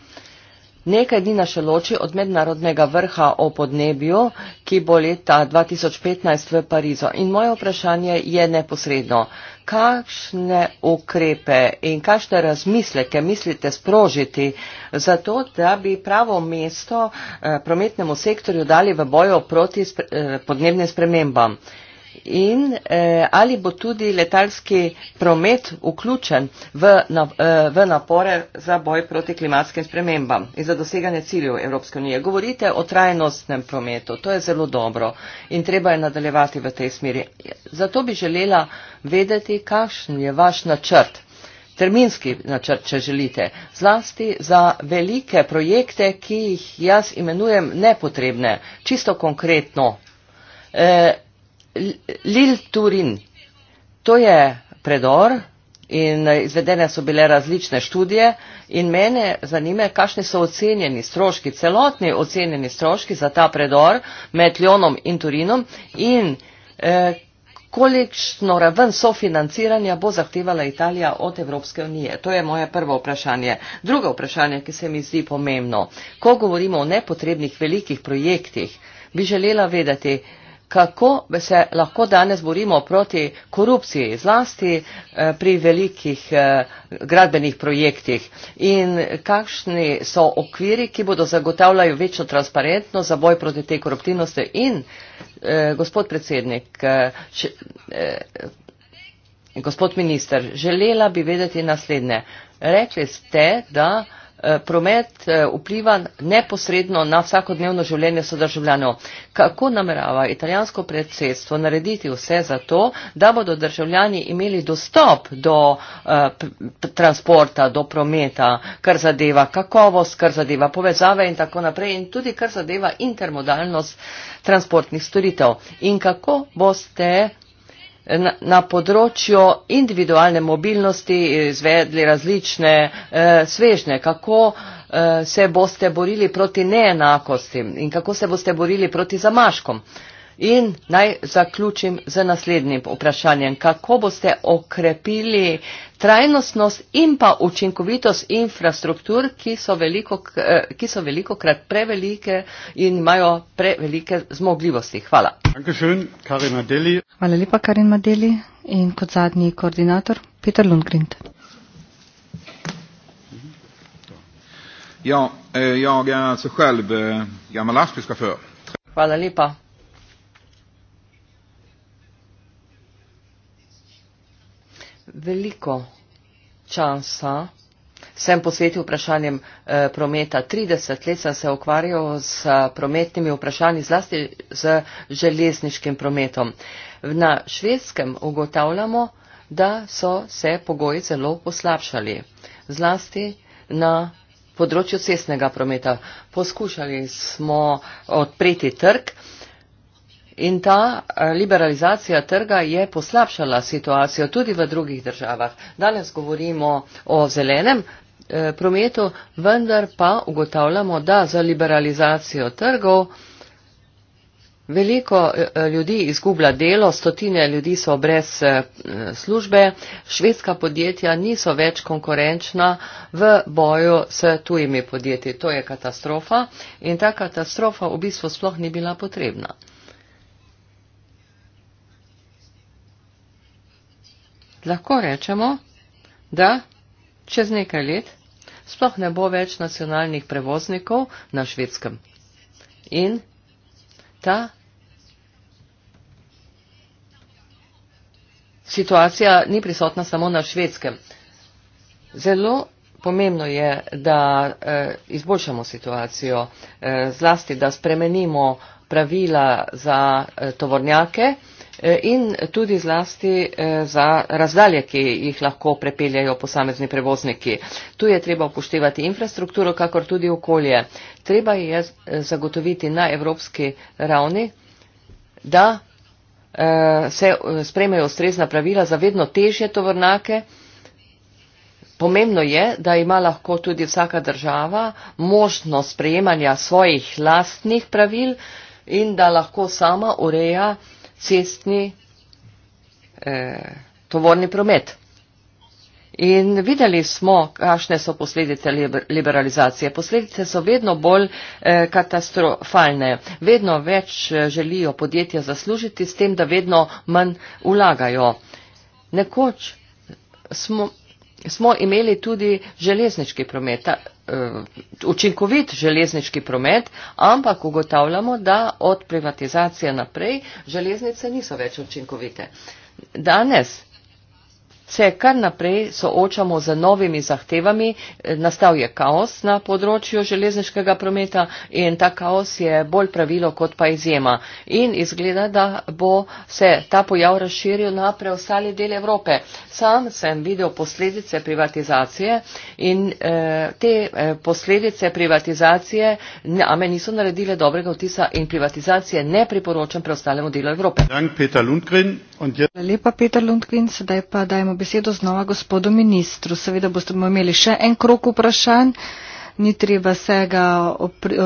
Nekaj dni nas še loči od mednarodnega vrha o podnebju, ki bo leta 2015 v Parizu. In moje vprašanje je neposredno. Kakšne ukrepe in kakšne razmisleke mislite sprožiti za to, da bi pravo mesto eh, prometnemu sektorju dali v boju proti eh, podnebnim spremembam? in eh, ali bo tudi letalski promet vključen v, na, eh, v napore za boj proti klimatskim spremembam in za doseganje ciljev Evropske unije. Govorite o trajnostnem prometu, to je zelo dobro in treba je nadaljevati v tej smeri. Zato bi želela vedeti, kakšen je vaš načrt. Terminski načrt, če želite, zlasti za velike projekte, ki jih jaz imenujem nepotrebne, čisto konkretno. Eh, Lil Turin. To je predor in izvedene so bile različne študije in mene zanime, kakšni so ocenjeni stroški, celotni ocenjeni stroški za ta predor med Ljonom in Turinom in eh, kolikšno raven sofinanciranja bo zahtevala Italija od Evropske unije. To je moje prvo vprašanje. Drugo vprašanje, ki se mi zdi pomembno. Ko govorimo o nepotrebnih velikih projektih, bi želela vedeti, kako se lahko danes borimo proti korupciji, zlasti eh, pri velikih eh, gradbenih projektih in kakšni so okviri, ki bodo zagotavljali večjo transparentnost za boj proti tej koruptivnosti. In eh, gospod predsednik, gospod minister, želela bi vedeti naslednje. Rekli ste, da Eh, promet eh, vpliva neposredno na vsakodnevno življenje sodržavljanov. Kako namerava italijansko predsedstvo narediti vse za to, da bodo državljani imeli dostop do eh, transporta, do prometa, kar zadeva kakovost, kar zadeva povezave in tako naprej in tudi kar zadeva intermodalnost transportnih storitev. In kako boste na področju individualne mobilnosti izvedli različne eh, svežne, kako eh, se boste borili proti neenakosti in kako se boste borili proti zamaškom. Eh, In naj zaključim z naslednjim vprašanjem. Kako boste okrepili trajnostnost in pa učinkovitost infrastruktur, ki so veliko, eh, ki so veliko krat prevelike in imajo prevelike zmogljivosti? Hvala. Hvala lepa, Karin Madeli. In kot zadnji koordinator, Peter Lundgren. Ja, eh, jag är alltså själv eh, gammal lastbilschaufför. Hvala lepa. veliko časa sem posvetil vprašanjem eh, prometa. 30 let sem se ukvarjal s prometnimi vprašanji, zlasti z železniškim prometom. Na švedskem ugotavljamo, da so se pogoji zelo poslabšali, zlasti na področju cestnega prometa. Poskušali smo odpreti trg, In ta eh, liberalizacija trga je poslabšala situacijo tudi v drugih državah. Danes govorimo o zelenem eh, prometu, vendar pa ugotavljamo, da za liberalizacijo trgov veliko eh, ljudi izgublja delo, stotine ljudi so brez službe, švedska podjetja niso več konkurenčna v boju s tujimi podjetji. To je katastrofa in ta katastrofa v bistvu sploh ni bila potrebna. lahko rečemo, da čez nekaj let sploh ne bo več nacionalnih prevoznikov na švedskem. In ta situacija ni prisotna samo na švedskem. Zelo pomembno je, da eh, izboljšamo situacijo, eh, zlasti da spremenimo pravila za eh, tovornjake in tudi zlasti eh, za razdalje, ki jih lahko prepeljajo posamezni prevozniki. Tu je treba upoštevati infrastrukturo, kakor tudi okolje. Treba je eh, zagotoviti na evropski ravni, da eh, se spremejo ustrezna pravila za vedno težje tovrnake. Pomembno je, da ima lahko tudi vsaka država možnost sprejemanja svojih lastnih pravil in da lahko sama ureja cestni eh, tovorni promet. In videli smo, kakšne so posledice liberalizacije. Posledice so vedno bolj eh, katastrofalne. Vedno več eh, želijo podjetja zaslužiti s tem, da vedno manj vlagajo. Nekoč smo smo imeli tudi železnički promet, eh, učinkovit železnički promet, ampak ugotavljamo, da od privatizacije naprej železnice niso več učinkovite. Danes se kar naprej soočamo z novimi zahtevami. Eh, nastal je kaos na področju železniškega prometa in ta kaos je bolj pravilo kot pa izjema. In izgleda, da bo se ta pojav razširil na preostali del Evrope. Sam sem videl posledice privatizacije in eh, te eh, posledice privatizacije na me niso naredile dobrega vtisa in privatizacije ne priporočam preostalemu delu Evrope. Dank, Peter Lundgren, und jetzt... Hvala lepa, Peter Lundgren. Sedaj pa dajmo predajmo besedo znova gospodu ministru. Seveda boste imeli še en krok vprašanj. Ni treba vsega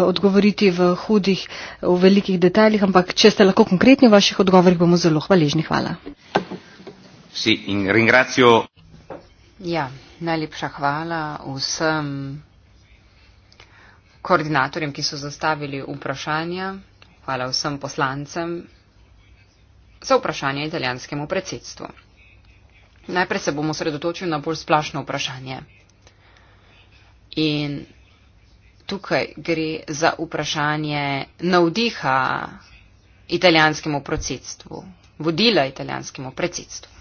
odgovoriti v hudih, v velikih detaljih, ampak če ste lahko konkretni v vaših odgovorih, bomo zelo hvaležni. Hvala. Ja, najlepša hvala vsem koordinatorjem, ki so zastavili vprašanja. Hvala vsem poslancem za vprašanje italijanskemu predsedstvu. Najprej se bomo sredotočili na bolj splašno vprašanje. In tukaj gre za vprašanje navdiha italijanskemu predsedstvu, vodila italijanskemu predsedstvu.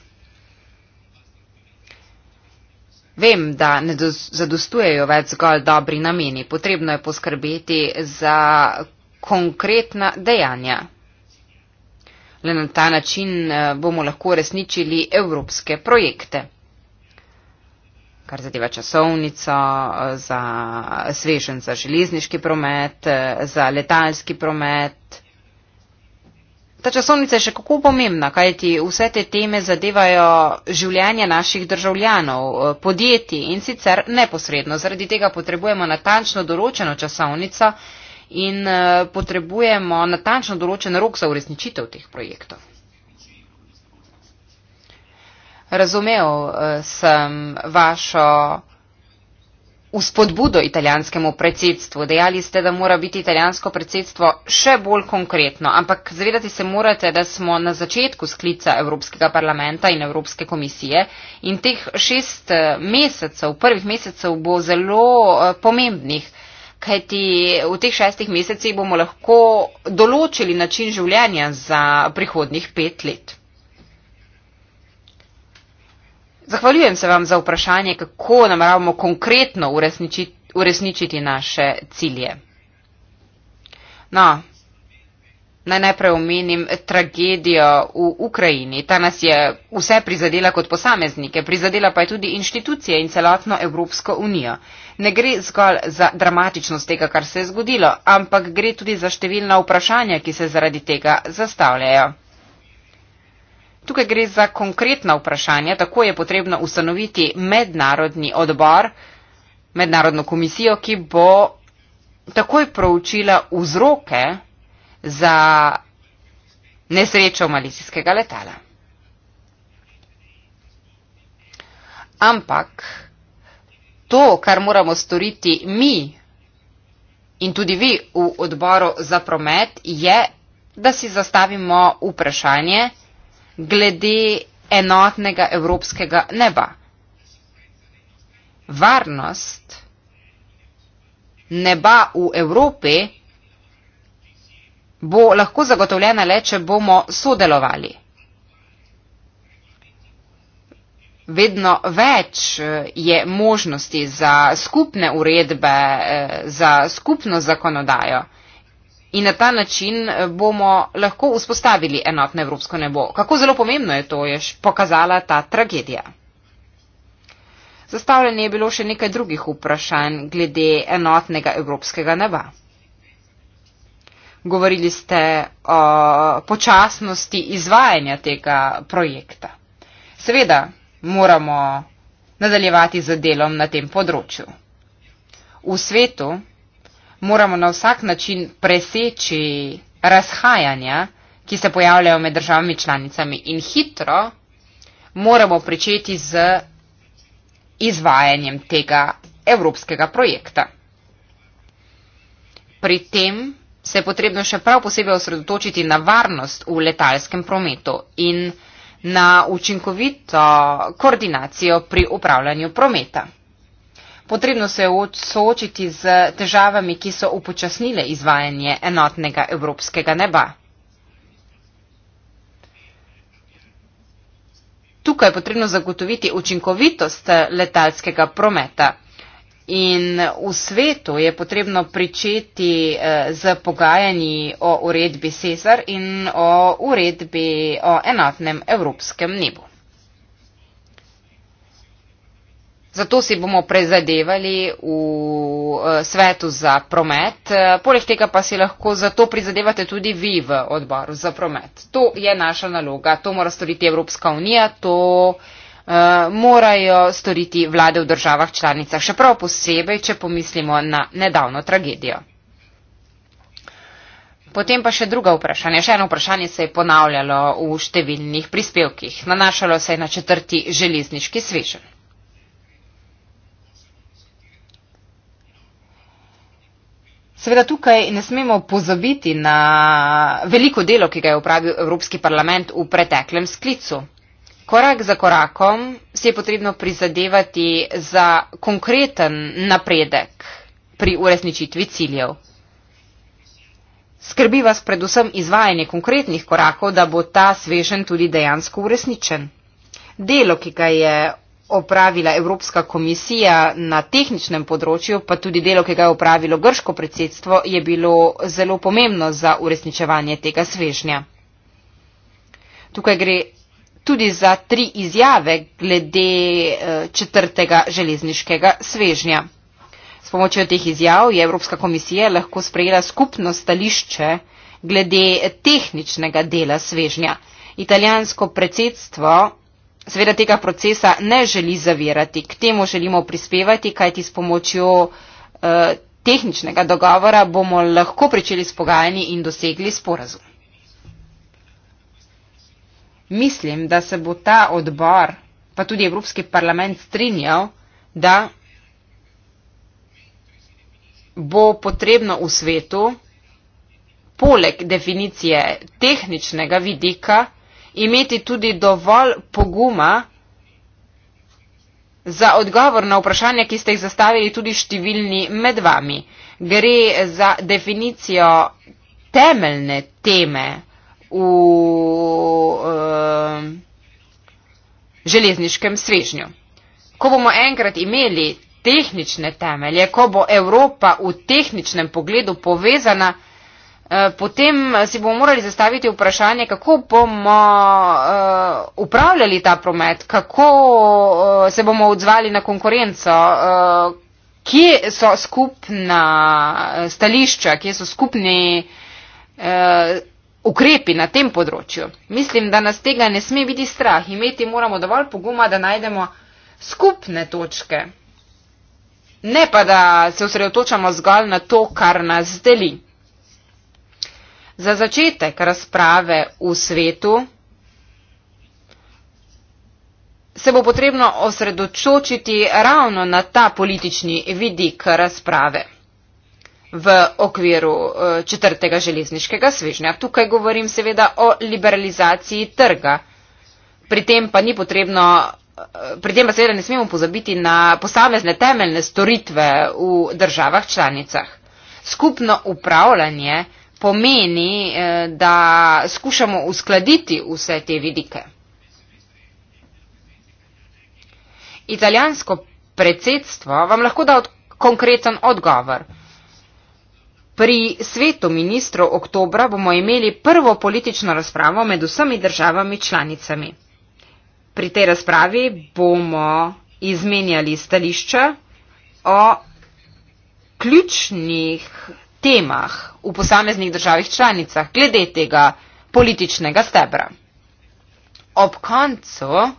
Vem, da ne zadostujejo več zgolj dobri nameni, potrebno je poskrbeti za konkretna dejanja. Le na ta način eh, bomo lahko resničili evropske projekte. Kar zadeva časovnico, eh, za svežen za železniški promet, eh, za letalski promet. Ta časovnica je še kako pomembna, kajti vse te teme zadevajo življenje naših državljanov, podjetij in sicer neposredno. Zaradi tega potrebujemo natančno določeno časovnico in eh, potrebujemo natančno določen rok za uresničitev teh projektov. Razumev eh, sem vašo uspodbudo italijanskemu predsedstvu. Dejali ste, da mora biti italijansko predsedstvo še bolj konkretno, ampak zavedati se morate, da smo na začetku sklica Evropskega parlamenta in Evropske komisije in teh šest eh, mesecev, prvih mesecev bo zelo pomembnih kajti v teh šestih mesecih bomo lahko določili način življenja za prihodnih pet let. Zahvaljujem se vam za vprašanje, kako nameravamo konkretno uresničiti, uresničiti naše cilje. No, Naj najprej omenim tragedijo v Ukrajini. Ta nas je vse prizadela kot posameznike, prizadela pa je tudi inštitucije in celotno Evropsko unijo. Ne gre zgolj za dramatičnost tega, kar se je zgodilo, ampak gre tudi za številna vprašanja, ki se zaradi tega zastavljajo. Tukaj gre za konkretna vprašanja, tako je potrebno ustanoviti mednarodni odbor, mednarodno komisijo, ki bo takoj proučila vzroke, za nesrečo malizijskega letala. Ampak to, kar moramo storiti mi in tudi vi v odboru za promet, je, da si zastavimo vprašanje glede enotnega evropskega neba. Varnost neba v Evropi bo lahko zagotovljena le, če bomo sodelovali. Vedno več eh, je možnosti za skupne uredbe, eh, za skupno zakonodajo in na ta način eh, bomo lahko vzpostavili enotno evropsko nebo. Kako zelo pomembno je to, je pokazala ta tragedija. Zastavljanje je bilo še nekaj drugih vprašanj glede enotnega evropskega neba govorili ste o počasnosti izvajanja tega projekta. Seveda moramo nadaljevati z delom na tem področju. V svetu moramo na vsak način preseči razhajanja, ki se pojavljajo med državami članicami in hitro moramo pričeti z izvajanjem tega evropskega projekta. Pri tem se je potrebno še prav posebej osredotočiti na varnost v letalskem prometu in na učinkovito koordinacijo pri upravljanju prometa. Potrebno se je soočiti z težavami, ki so upočasnile izvajanje enotnega evropskega neba. Tukaj je potrebno zagotoviti učinkovitost letalskega prometa. In v svetu je potrebno pričeti eh, z pogajanji o uredbi Cesar in o uredbi o enotnem evropskem nebu. Zato si bomo prizadevali v eh, svetu za promet, eh, poleg tega pa si lahko zato prizadevate tudi vi v odboru za promet. To je naša naloga, to mora storiti Evropska unija, to uh, morajo storiti vlade v državah članicah, še prav posebej, če pomislimo na nedavno tragedijo. Potem pa še druga vprašanja. Še eno vprašanje se je ponavljalo v številnih prispevkih. Nanašalo se je na četrti železniški svežen. Seveda tukaj ne smemo pozabiti na veliko delo, ki ga je upravil Evropski parlament v preteklem sklicu korak za korakom si je potrebno prizadevati za konkreten napredek pri uresničitvi ciljev. Skrbi vas predvsem izvajanje konkretnih korakov, da bo ta svežen tudi dejansko uresničen. Delo, ki ga je opravila Evropska komisija na tehničnem področju, pa tudi delo, ki ga je opravilo grško predsedstvo, je bilo zelo pomembno za uresničevanje tega svežnja. Tukaj gre tudi za tri izjave glede eh, četrtega železniškega svežnja. S pomočjo teh izjav je Evropska komisija lahko sprejela skupno stališče glede tehničnega dela svežnja. Italijansko predsedstvo seveda tega procesa ne želi zavirati. K temu želimo prispevati, kajti s pomočjo eh, tehničnega dogovora bomo lahko pričeli s pogajanji in dosegli sporazum. Mislim, da se bo ta odbor, pa tudi Evropski parlament, strinjal, da bo potrebno v svetu, poleg definicije tehničnega vidika, imeti tudi dovolj poguma za odgovor na vprašanja, ki ste jih zastavili tudi številni med vami. Gre za definicijo temeljne teme v uh, železniškem srežnju. Ko bomo enkrat imeli tehnične temelje, ko bo Evropa v tehničnem pogledu povezana, eh, Potem si bomo morali zastaviti vprašanje, kako bomo uh, upravljali ta promet, kako uh, se bomo odzvali na konkurenco, uh, kje so skupna stališča, kje so skupni uh, ukrepi na tem področju. Mislim, da nas tega ne sme biti strah. Imeti moramo dovolj poguma, da najdemo skupne točke. Ne pa, da se osredotočamo zgolj na to, kar nas deli. Za začetek razprave v svetu se bo potrebno osredotočiti ravno na ta politični vidik razprave v okviru eh, četrtega železniškega svežnja. Tukaj govorim seveda o liberalizaciji trga. Pri tem pa ni potrebno. Eh, pri tem pa seveda ne smemo pozabiti na posamezne temeljne storitve v državah članicah. Skupno upravljanje pomeni, eh, da skušamo uskladiti vse te vidike. Italijansko predsedstvo vam lahko da konkreten odgovor. Pri svetu ministrov oktobra bomo imeli prvo politično razpravo med vsemi državami članicami. Pri tej razpravi bomo izmenjali stališča o ključnih temah v posameznih državih članicah glede tega političnega stebra. Ob koncu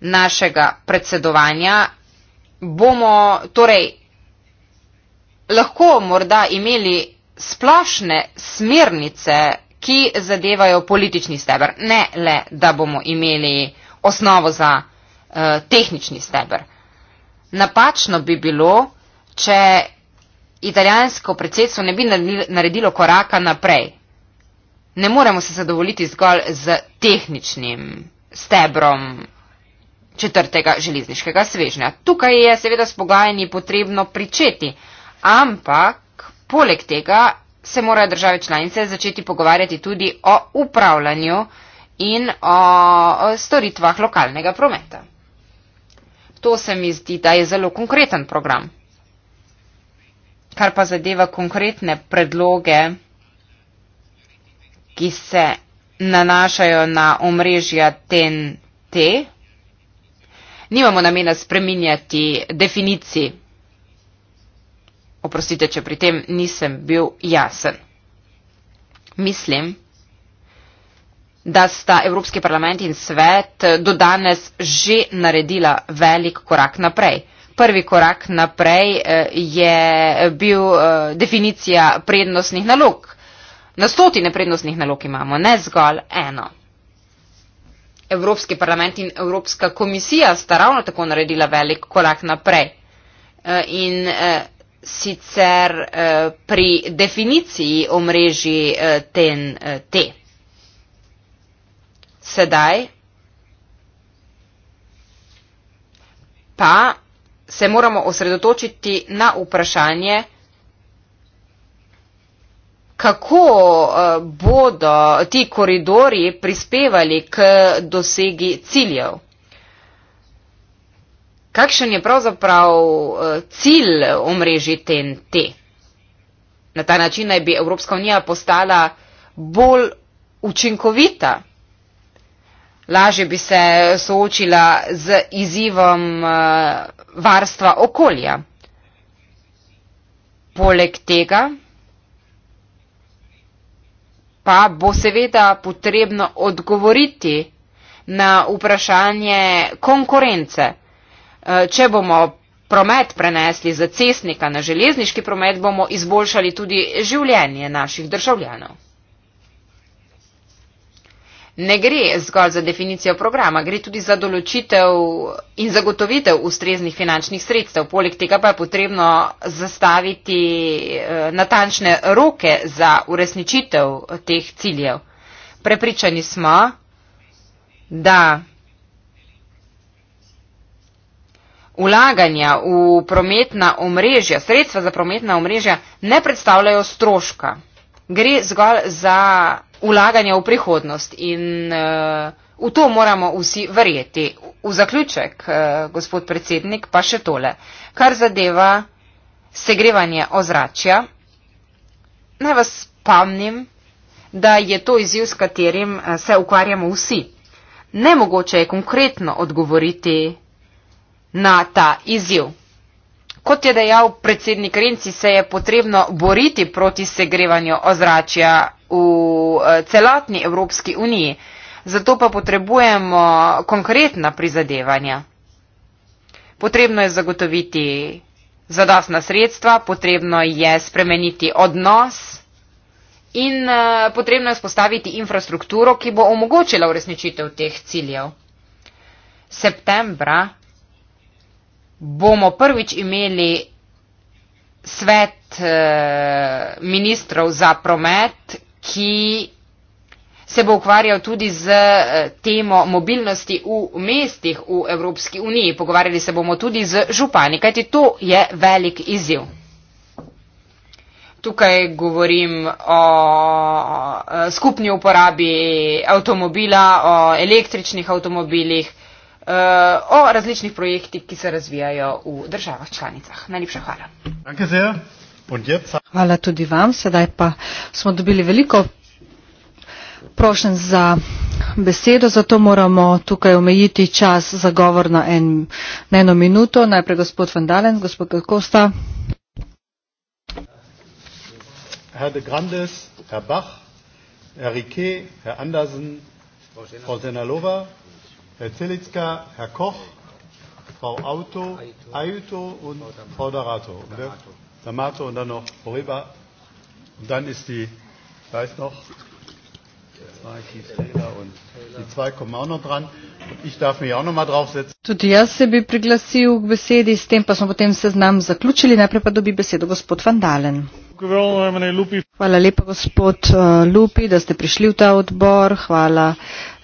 našega predsedovanja bomo torej lahko morda imeli splošne smernice, ki zadevajo politični steber, ne le, da bomo imeli osnovo za eh, tehnični steber. Napačno bi bilo, če italijansko predsedstvo ne bi naredilo koraka naprej. Ne moremo se zadovoljiti zgolj z tehničnim stebrom četrtega železniškega svežnja. Tukaj je seveda s pogajanji potrebno pričeti. Ampak, poleg tega, se morajo države članice začeti pogovarjati tudi o upravljanju in o storitvah lokalnega prometa. To se mi zdi, da je zelo konkreten program. Kar pa zadeva konkretne predloge, ki se nanašajo na omrežja TNT, nimamo namena spreminjati definiciji Oprostite, če pri tem nisem bil jasen. Mislim, da sta Evropski parlament in svet do danes že naredila velik korak naprej. Prvi korak naprej eh, je bil eh, definicija prednostnih nalog. Na stotine prednostnih nalog imamo, ne zgolj eno. Evropski parlament in Evropska komisija sta ravno tako naredila velik korak naprej. Eh, in sicer eh, pri definiciji omrežji TNT. Eh, Sedaj pa se moramo osredotočiti na vprašanje, kako eh, bodo ti koridori prispevali k dosegi ciljev kakšen je pravzaprav eh, cilj omrežji TNT? Na ta način naj bi Evropska unija postala bolj učinkovita. Lažje bi se soočila z izzivom eh, varstva okolja. Poleg tega pa bo seveda potrebno odgovoriti na vprašanje konkurence. Eh, če bomo promet prenesli za cestnika na železniški promet, bomo izboljšali tudi življenje naših državljanov. Ne gre zgolj za definicijo programa, gre tudi za določitev in zagotovitev ustreznih finančnih sredstev. Poleg tega pa je potrebno zastaviti eh, natančne roke za uresničitev teh ciljev. Prepričani smo, da Ulaganja v prometna omrežja, sredstva za prometna omrežja ne predstavljajo stroška. Gre zgolj za ulaganje v prihodnost in uh, v to moramo vsi verjeti. V zaključek, uh, gospod predsednik, pa še tole. Kar zadeva segrevanje ozračja, naj vas spomnim, da je to izziv, s katerim eh, se ukvarjamo vsi. Nemogoče je konkretno odgovoriti na ta izziv. Kot je dejal predsednik Renci, se je potrebno boriti proti segrevanju ozračja v eh, celotni Evropski uniji, zato pa potrebujemo konkretna prizadevanja. Potrebno je zagotoviti zadostna sredstva, potrebno je spremeniti odnos in eh, potrebno je spostaviti infrastrukturo, ki bo omogočila uresničitev teh ciljev. Septembra bomo prvič imeli svet eh, ministrov za promet, ki se bo ukvarjal tudi z eh, temo mobilnosti v mestih v Evropski uniji. Pogovarjali se bomo tudi z župani, kajti to je velik izziv. Tukaj govorim o eh, skupni uporabi avtomobila, o električnih avtomobilih. Eh, o različnih projektih, ki se razvijajo v državah članicah. Najlepša hvala. Hvala tudi vam. Sedaj pa smo dobili veliko prošen za besedo, zato moramo tukaj omejiti čas za govor na, en, na eno minuto. Najprej gospod Van Dalen, gospod Kosta. Herr de Grandes, Herr Bach, Herr Riquet, Herr Andersen, Frau Senalova, Herr Zelitzka, Herr Koch, Frau Auto, Aito und Frau D'Amato. D'Amato und dann noch Boriba. Und dann ist die, weiß noch, und die zwei kommen auch noch dran. Und ich darf mich auch noch mal draufsetzen. Tudi jaz se bi priglasil k besedi, s tem pa smo potem seznam zaključili. Najprej pa dobi besedo gospod Vandalen. Hvala lepa, gospod eh, Lupi, da ste prišli v ta odbor. Hvala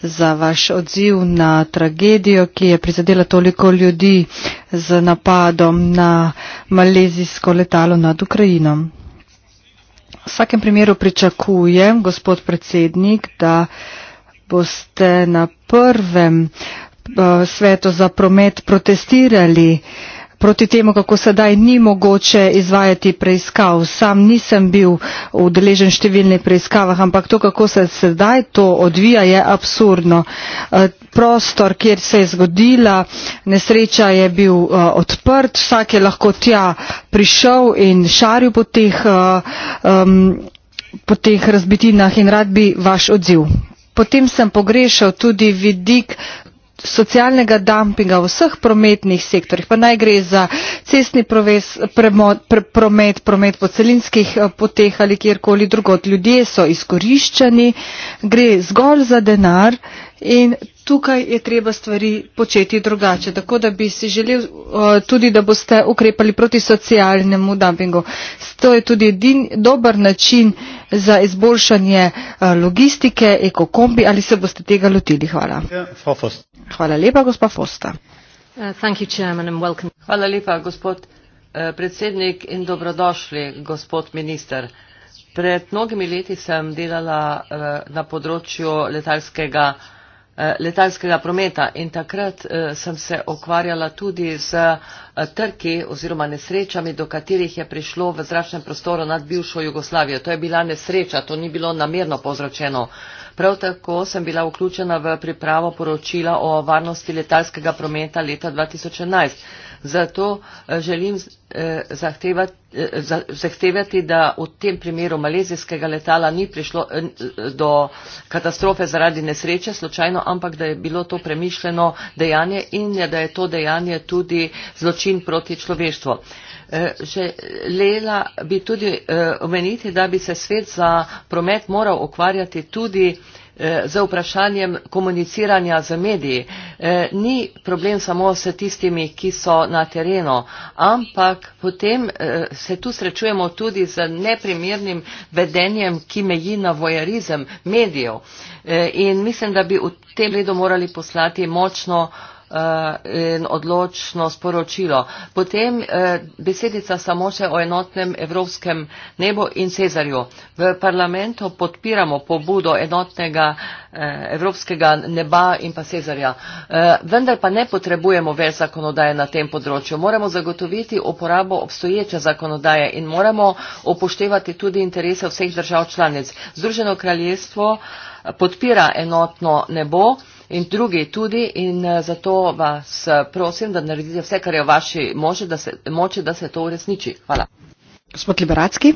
za vaš odziv na tragedijo, ki je prizadela toliko ljudi z napadom na malezijsko letalo nad Ukrajino. V vsakem primeru pričakujem, gospod predsednik, da boste na prvem eh, svetu za promet protestirali proti temu, kako sedaj ni mogoče izvajati preiskav. Sam nisem bil udeležen številnih preiskavah, ampak to, kako se sedaj to odvija, je absurdno. Eh, prostor, kjer se je zgodila nesreča, je bil eh, odprt, vsak je lahko tja prišel in šaril po teh, eh, po teh razbitinah in rad bi vaš odziv. Potem sem pogrešal tudi vidik socialnega dumpinga v vseh prometnih sektorjih, pa naj gre za cestni proves, premod, pre, promet, promet po celinskih eh, poteh ali kjerkoli drugot. Ljudje so izkoriščani, gre zgolj za denar in tukaj je treba stvari početi drugače. Tako da bi si želel eh, tudi, da boste ukrepali proti socialnemu dumpingu. To je tudi edin dober način za izboljšanje eh, logistike, ekokombi. Ali se boste tega lotili? Hvala. Ja, Hvala lepa, gospa Fosta. Uh, Hvala lepa, gospod eh, predsednik in dobrodošli, gospod minister. Pred mnogimi leti sem delala na področju letalskega Eh, letalskega prometa in takrat eh, sem se okvarjala tudi z eh, trki oziroma nesrečami, do katerih je prišlo v zračnem prostoru nad bivšo Jugoslavijo. To je bila nesreča, to ni bilo namerno povzročeno. Prav tako sem bila vključena v pripravo poročila o varnosti letalskega prometa leta 2011. Zato eh, želim eh, eh, zahtevati, da v tem primeru malezijskega letala ni prišlo do katastrofe zaradi nesreče slučajno, ampak da je bilo to premišljeno dejanje in da je to dejanje tudi zločin proti človeštvu. Želela bi tudi omeniti, da bi se svet za promet moral okvarjati tudi uh, Eh, z vprašanjem komuniciranja z mediji. Eh, ni problem samo s tistimi, ki so na terenu, ampak potem eh, se tu srečujemo tudi z neprimernim vedenjem, ki meji na vojarizem medijev. In mislim, da bi v tem redu morali poslati močno Eh, in odločno sporočilo. Potem eh, besedica samo še o enotnem evropskem nebu in Cezarju. V parlamentu podpiramo pobudo enotnega eh, evropskega neba in pa Cezarja. Vendar pa ne potrebujemo več zakonodaje na tem področju. Moramo zagotoviti uporabo obstoječe zakonodaje in moramo upoštevati tudi interese vseh držav članic. Združeno kraljestvo podpira enotno nebo in drugi tudi in eh, zato vas eh, prosim, da naredite vse, kar je v vaši moči, da se, moči, da se to uresniči. Hvala. Gospod Liberacki.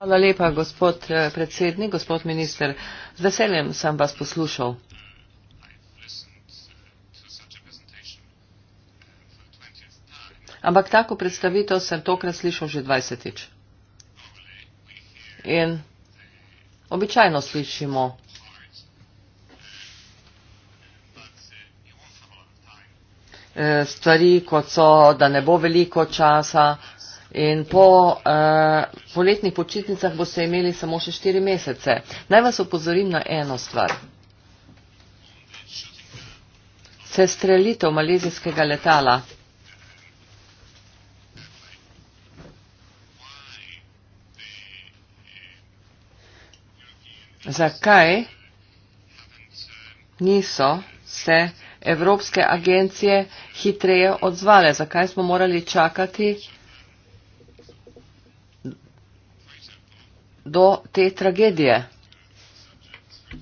Hvala lepa, gospod eh, predsednik, gospod minister. Z veseljem sem vas poslušal. Ampak tako predstavitev sem tokrat slišal že 20-tič. In Običajno slišimo. E, stvari, kot so, da ne bo veliko časa in po eh, poletnih počitnicah boste imeli samo še štiri mesece. Naj vas upozorim na eno stvar. Se strelitev malezijskega letala zakaj niso se evropske agencije hitreje odzvale, zakaj smo morali čakati do te tragedije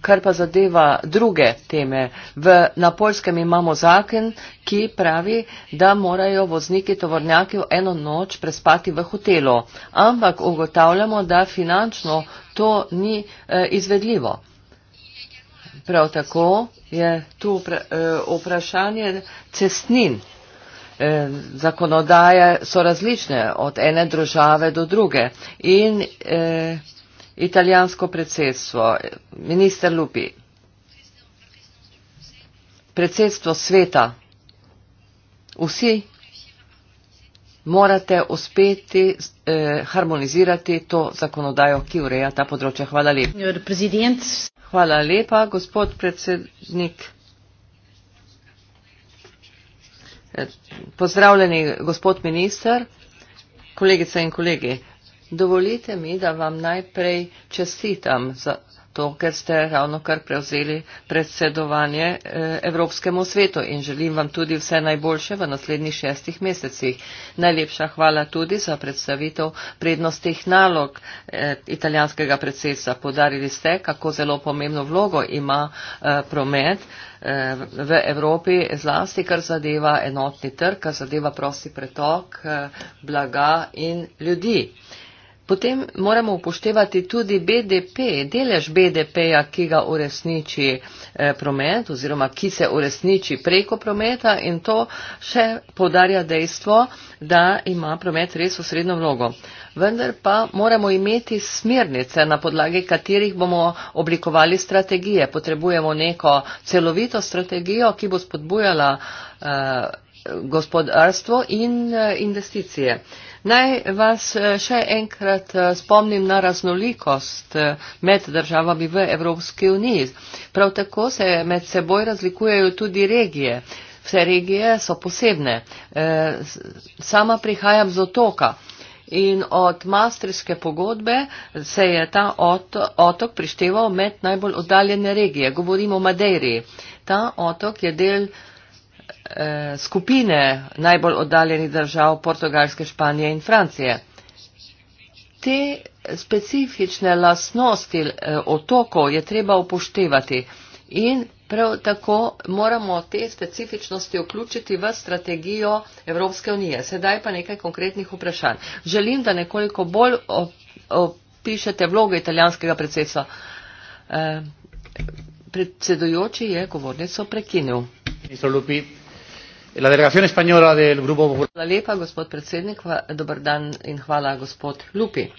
kar pa zadeva druge teme. V, na polskem imamo zakon, ki pravi, da morajo vozniki tovornjakov eno noč prespati v hotelu, ampak ugotavljamo, da finančno to ni e, izvedljivo. Prav tako je tu pra, e, vprašanje cestnin. E, zakonodaje so različne od ene države do druge. In, e, italijansko predsedstvo. Minister Lupi, predsedstvo sveta, vsi morate uspeti eh, harmonizirati to zakonodajo, ki ureja ta področje. Hvala lepa. Hvala lepa, gospod predsednik. Eh, pozdravljeni, gospod minister, kolegice in kolegi. Dovolite mi, da vam najprej čestitam za to, ker ste ravno kar prevzeli predsedovanje eh, Evropskemu svetu in želim vam tudi vse najboljše v naslednjih šestih mesecih. Najlepša hvala tudi za predstavitev prednostih nalog eh, italijanskega predsedstva. Podarili ste, kako zelo pomembno vlogo ima eh, promet v Evropi, zlasti kar zadeva enotni trg, kar zadeva prosti pretok blaga in ljudi. Potem moramo upoštevati tudi BDP, delež BDP-ja, ki ga uresniči eh, promet oziroma ki se uresniči preko prometa in to še podarja dejstvo, da ima promet res osrednjo vlogo. Vendar pa moramo imeti smernice, na podlagi katerih bomo oblikovali strategije. Potrebujemo neko celovito strategijo, ki bo spodbujala eh, gospodarstvo in eh, investicije. Eh, Naj vas eh, še enkrat eh, spomnim na raznolikost eh, med državami v Evropski uniji. Prav tako se med seboj razlikujejo tudi regije. Vse regije so posebne. Sama prihajam z otoka. In od mastriške pogodbe se je ta otok prišteval med najbolj oddaljene regije. Govorimo o Madeiri. Ta otok je del eh, skupine najbolj oddaljenih držav Portugalske, Španije in Francije. Te specifične lastnosti eh, otokov je treba upoštevati in prav tako moramo te specifičnosti vključiti v strategijo Evropske unije. Sedaj pa nekaj konkretnih vprašanj. Želim, da nekoliko bolj opišete vlogo italijanskega predsedstva. Eh, predsedujoči je govornico prekinil. Ministr Lupi, La delegación española del Grupo Popular. Hvala lepa, gospod predsednik. Dobar dan in hvala, gospod Lupi.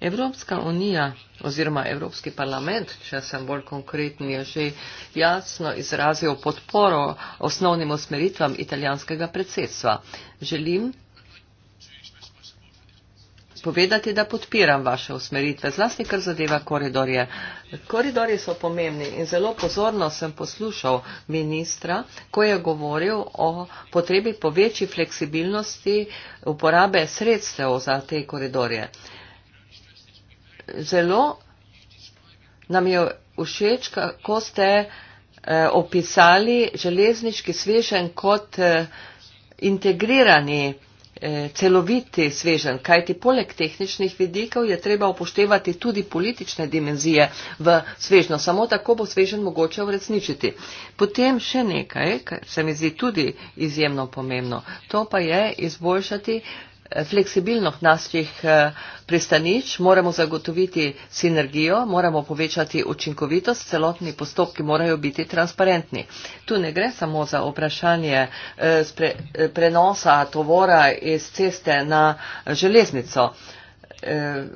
Evropska unija oziroma Evropski parlament, če sem bolj konkretni, je že jasno izrazil podporo osnovnim usmeritvam italijanskega predsedstva. Želim povedati, da podpiram vaše usmeritve, zlasti kar zadeva koridorje. Koridorje so pomembni in zelo pozorno sem poslušal ministra, ko je govoril o potrebi po večji fleksibilnosti uporabe sredstev za te koridorje. Zelo nam je všeč, kako ste eh, opisali železniški svežen kot eh, integrirani. Eh, celoviti svežen, kajti poleg tehničnih vidikov je treba upoštevati tudi politične dimenzije v svežno. Samo tako bo svežen mogoče uresničiti. Potem še nekaj, kar se mi zdi tudi izjemno pomembno, to pa je izboljšati fleksibilnost naših eh, pristanič, moramo zagotoviti sinergijo, moramo povečati učinkovitost, celotni postopki morajo biti transparentni. Tu ne gre samo za vprašanje eh, eh, prenosa tovora iz ceste na železnico.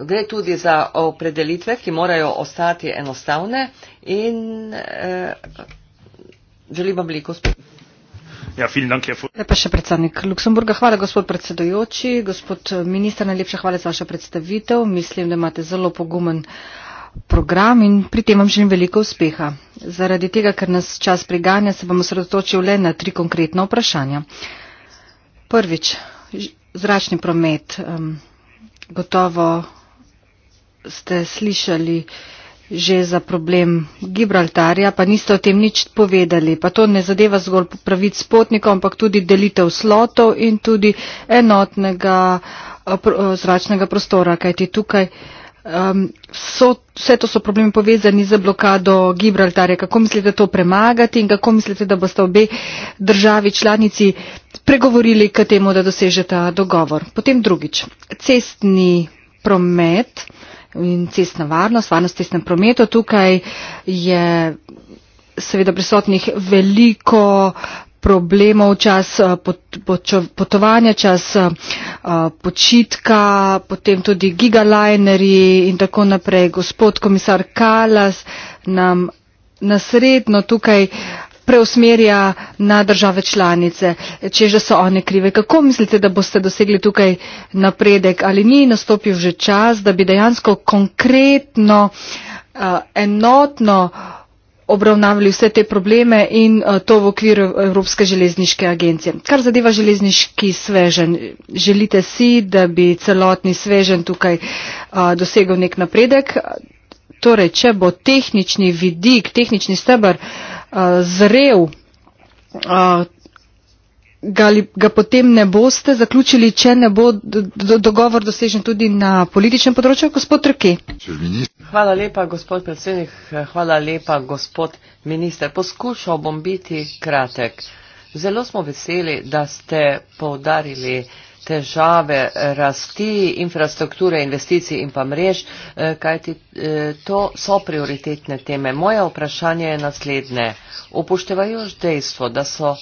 Gre tudi za opredelitve, ki morajo ostati enostavne in želim vam veliko uspeha. Ja, lepa še predsednik Luksemburga. Hvala, gospod predsedujoči. Gospod minister, najlepša hvala za vašo predstavitev. Mislim, da imate zelo pogumen program in pri tem vam želim veliko uspeha. Zaradi tega, ker nas čas priganja, se bom osredotočil le na tri konkretna vprašanja. Prvič, zračni promet. Gotovo ste slišali že za problem Gibraltarja, pa niste o tem nič povedali. Pa to ne zadeva zgolj pravic potnikov, ampak tudi delitev slotov in tudi enotnega eh, eh, zračnega prostora, kajti tukaj um, so, vse to so problemi povezani z blokado Gibraltarja. Kako mislite to premagati in kako mislite, da boste obe državi članici pregovorili k temu, da dosežete dogovor? Potem drugič. Cestni promet in cestna varnost, varnost cestnem prometu. Tukaj je seveda prisotnih veliko problemov, čas eh, potovanja, čas eh, eh, počitka, potem tudi gigalinerji in tako naprej. Gospod komisar Kalas nam nasredno tukaj uh, preusmerja na države članice, če že so one krive. Kako mislite, da boste dosegli tukaj napredek? Ali ni nastopil že čas, da bi dejansko konkretno, eh, enotno obravnavali vse te probleme in eh, to v okviru Evropske železniške agencije. Kar zadeva železniški svežen, želite si, da bi celotni svežen tukaj eh, dosegel nek napredek? Torej, če bo tehnični vidik, tehnični stebr uh, uh, eh, zrev, uh, eh, ga, li, ga potem ne boste zaključili, če ne bo dogovor dosežen tudi na političnem področju, gospod Trke. Hvala lepa, gospod predsednik, hvala lepa, gospod minister. Poskušal bom biti kratek. Zelo smo veseli, da ste poudarili, težave rasti infrastrukture, investicij in pa mrež, eh, kajti eh, to so prioritetne teme. Moje vprašanje je naslednje. Upoštevajoč dejstvo, da so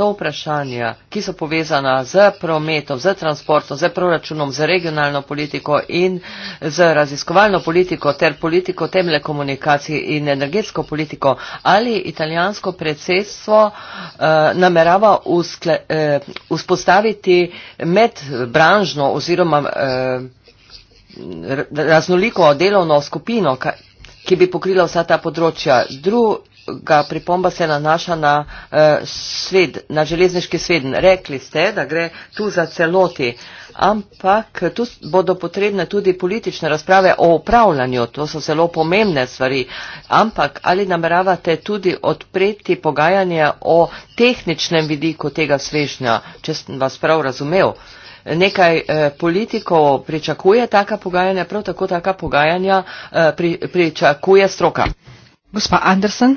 to vprašanja, ki so povezana z prometom, z transportom, z proračunom, z regionalno politiko in z raziskovalno politiko ter politiko temle komunikacij in energetsko politiko, ali italijansko predsedstvo eh, namerava uskle, eh, vzpostaviti medbranžno oziroma eh, raznoliko delovno skupino, ki bi pokrila vsa ta področja. Dru, ga pripomba se nanaša na eh, sved, na železniški sved. Rekli ste, da gre tu za celoti, ampak tu bodo potrebne tudi politične razprave o upravljanju, to so zelo pomembne stvari. Ampak ali nameravate tudi odpreti pogajanje o tehničnem vidiku tega svežnja, če sem vas prav razumel? Nekaj eh, politikov pričakuje taka pogajanja, prav tako taka pogajanja eh, pri, pričakuje stroka. Gospa Andersen.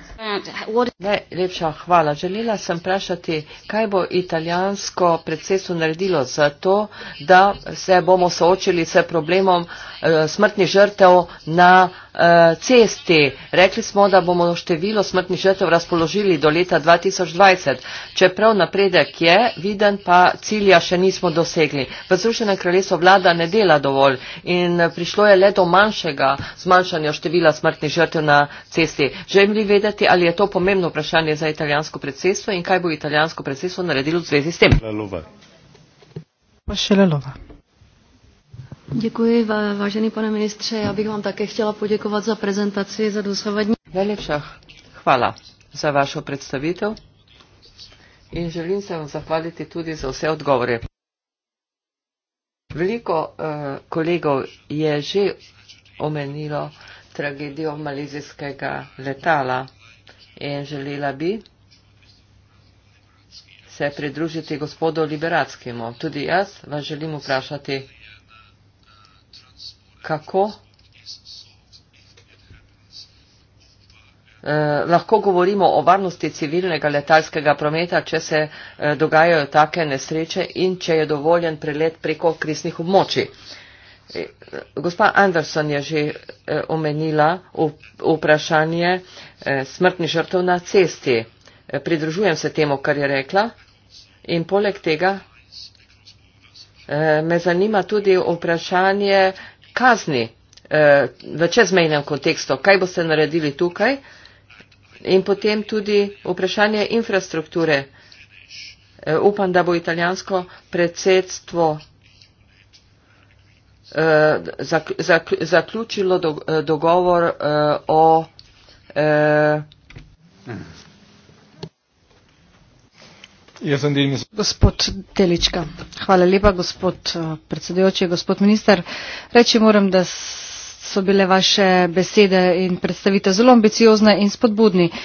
Najlepša hvala. Želela sem vprašati, kaj bo italijansko predsedstvo naredilo za to, da se bomo soočili s problemom e, smrtnih žrtev na e, cesti. Rekli smo, da bomo število smrtnih žrtev razpoložili do leta 2020. Čeprav napredek je viden, pa cilja še nismo dosegli. V Združenem kraljestvu vlada ne dela dovolj in prišlo je le do manjšega zmanjšanja števila smrtnih žrtev na cesti. Želim vedeti, ali ali je to pomembno vprašanje za italijansko predsedstvo in kaj bo italijansko predsedstvo naredilo v zvezi s tem. Děkuji, vážený pane ministře. Já bych vám také chtěla poděkovat za prezentaci, za dosavadní. Najlepša hvala za vašo predstavitev in želim se vam zahvaliti tudi za vse odgovore. Veliko uh, kolegov je že omenilo tragedijo malizijskega letala in želela bi se pridružiti gospodu Liberatskemu. Tudi jaz vas želim vprašati, kako eh, lahko govorimo o varnosti civilnega letalskega prometa, če se eh, dogajajo take nesreče in če je dovoljen prelet preko krisnih območij. Eh, Eh, gospa Anderson je že eh, omenila vprašanje eh, smrtnih žrtev na cesti. Pridružujem se temu, kar je rekla. In poleg tega me zanima tudi vprašanje kazni v čezmejnem kontekstu. Kaj boste naredili tukaj? In potem tudi vprašanje infrastrukture. Upam, da bo italijansko predsedstvo Eh, zak, zak, zaključilo do, eh, dogovor uh, o. Uh, hmm. Gospod Telička, hvala lepa, gospod uh, predsedujoči, gospod minister. Reči moram, da so bile vaše besede in predstavite zelo ambiciozne in spodbudni. Uh,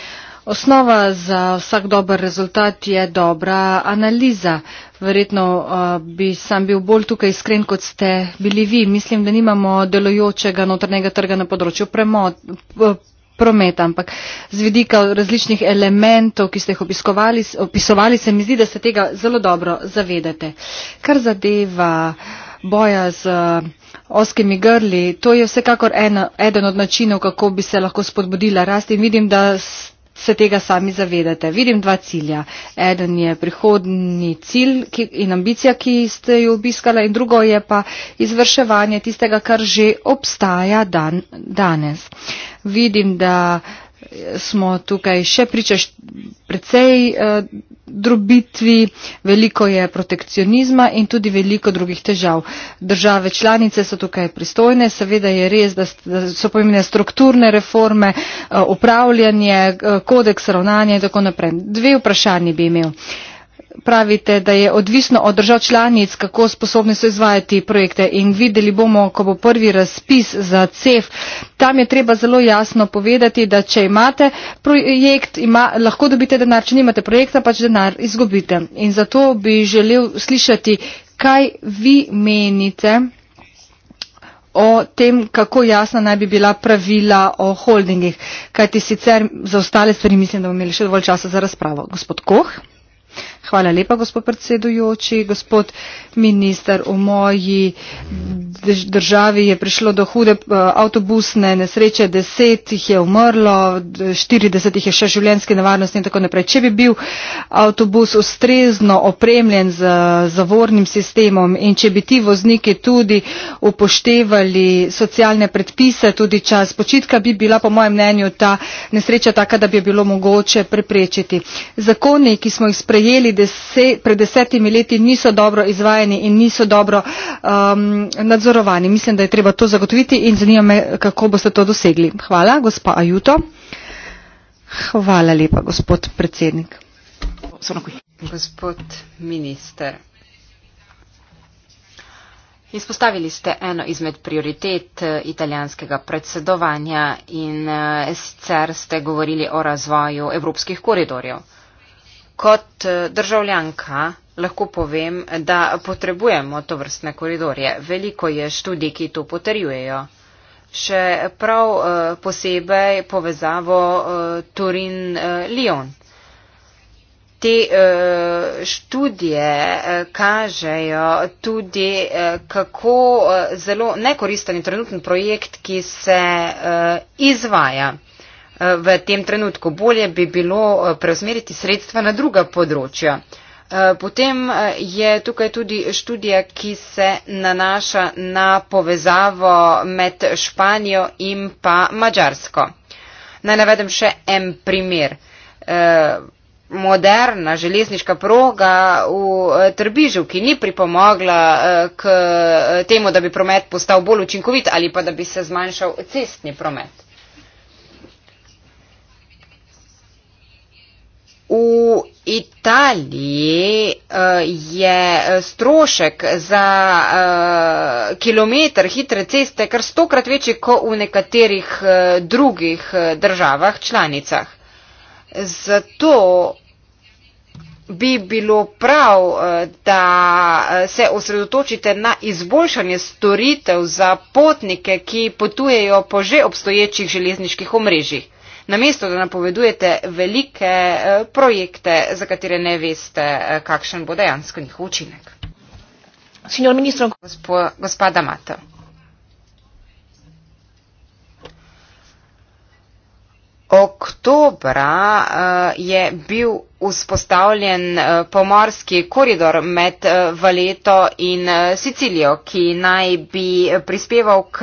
Osnova za vsak dober rezultat je dobra analiza. Verjetno uh, bi sam bil bolj tukaj iskren, kot ste bili vi. Mislim, da nimamo delojočega notrnega trga na področju premot. Eh, prometa, ampak z vidika različnih elementov, ki ste jih obiskovali, opisovali, se mi zdi, da se tega zelo dobro zavedate. Kar zadeva boja z eh, oskimi grli, to je vsekakor en, eden od načinov, kako bi se lahko spodbudila rast in vidim, da ste se tega sami zavedate. Vidim dva cilja. Eden je prihodni cilj in ambicija, ki ste jo obiskala, in drugo je pa izvrševanje tistega, kar že obstaja dan, danes. Vidim, da smo tukaj še pričaš precej eh, drobitvi, veliko je protekcionizma in tudi veliko drugih težav. Države članice so tukaj pristojne, seveda je res, da so pomembne strukturne reforme, eh, upravljanje, eh, kodeks ravnanja in tako naprej. Dve vprašanje bi imel. Uh, pravite, da je odvisno od držav članic, kako sposobne so izvajati projekte in videli bomo, ko bo prvi razpis za CEF. Tam je treba zelo jasno povedati, da če imate projekt, ima, lahko dobite denar, če nimate projekta, pač denar izgubite. In zato bi želel slišati, kaj vi menite o tem, kako jasna naj bi bila pravila o holdingih. Kajti sicer za ostale stvari mislim, da bomo imeli še dovolj časa za razpravo. Gospod Koh. Hvala lepa, gospod predsedujoči. Gospod minister, v moji državi je prišlo do hude eh, avtobusne nesreče, deset jih je umrlo, štirideset jih je še življenjski nevarnosti in tako naprej. Če bi bil avtobus ustrezno opremljen z zavornim sistemom in če bi ti vozniki tudi upoštevali socialne predpise, tudi čas počitka, bi bila po mojem mnenju ta nesreča taka, da bi jo bilo mogoče preprečiti. Zakoni, ki smo jih sprejeli, deset, pred desetimi leti niso dobro izvajani in niso dobro um, nadzorovani. Mislim, da je treba to zagotoviti in zanima me, kako boste to dosegli. Hvala, gospa Ajuto. Hvala lepa, gospod predsednik. Gospod minister. Izpostavili ste eno izmed prioritet eh, italijanskega predsedovanja in eh, sicer ste govorili o razvoju evropskih koridorjev. Kot eh, državljanka lahko povem, da potrebujemo to vrstne koridorje. Veliko je študij, ki to potrjujejo. Še prav eh, posebej povezavo eh, Turin-Lyon. Te študije kažejo tudi, kako zelo nekoristen je trenutni projekt, ki se izvaja v tem trenutku. Bolje bi bilo eh, preusmeriti sredstva na druga področja. Eh, potem eh, je tukaj tudi študija, ki se nanaša na povezavo med Španijo in pa Mačarsko. Naj navedem še en primer. Moderna železniška proga v Trbižu, ki ni pripomogla k temu, da bi promet postal bolj učinkovit ali pa da bi se zmanjšal cestni promet. V Italiji uh, je strošek za uh, eh, kilometr hitre ceste kar stokrat večji kot v nekaterih uh, drugih državah članicah. Zato bi bilo prav, da se osredotočite na izboljšanje storitev za potnike, ki potujejo po že obstoječih železniških omrežjih namesto da napovedujete velike eh, projekte, za katere ne veste, eh, kakšen bo dejansko njihov učinek. Signor ministro, Gospo, gospoda Mata. Oktobra eh, je bil vzpostavljen pomorski koridor med Valeto in Sicilijo, ki naj bi prispeval k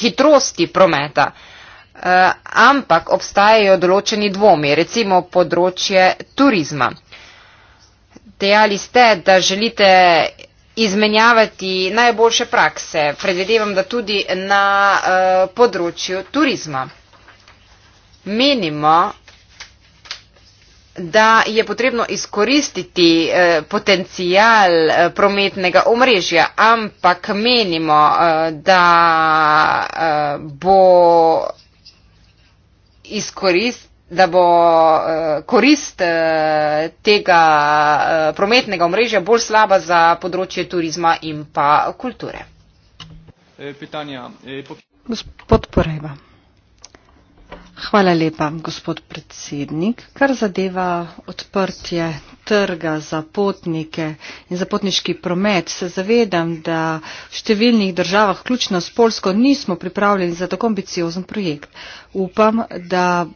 hitrosti prometa. Eh, ampak obstajajo določeni dvomi, recimo področje turizma. Dejali ste, da želite izmenjavati najboljše prakse, predvidevam, da tudi na eh, področju turizma. Menimo, da je potrebno izkoristiti eh, potencijal prometnega omrežja, ampak menimo, da bo izkorist, da bo eh, korist eh, tega eh, prometnega omrežja bolj slaba za področje turizma in pa kulture. Gospod Poreba. Hvala lepa, gospod predsednik. Kar zadeva odprtje trga za potnike in za potniški promet, se zavedam, da v številnih državah, ključno s Polsko, nismo pripravljeni za tako ambiciozen projekt. Upam, da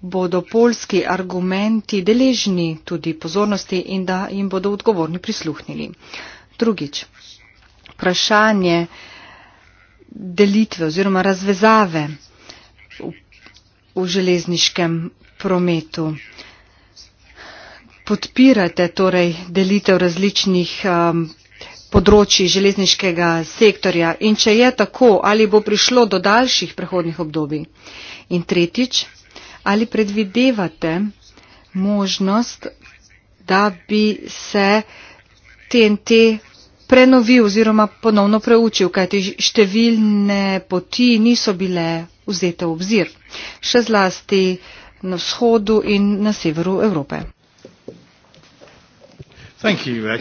bodo polski argumenti deležni tudi pozornosti in da jim bodo odgovorni prisluhnili. Drugič, vprašanje delitve oziroma razvezave v železniškem prometu. Podpirate torej delitev različnih um, področji železniškega sektorja in če je tako, ali bo prišlo do daljših prehodnih obdobij. In tretjič, ali predvidevate možnost, da bi se TNT prenovil oziroma ponovno preučil, kajti številne poti niso bile vzete v obzir, še zlasti na vzhodu in na severu Evrope. You,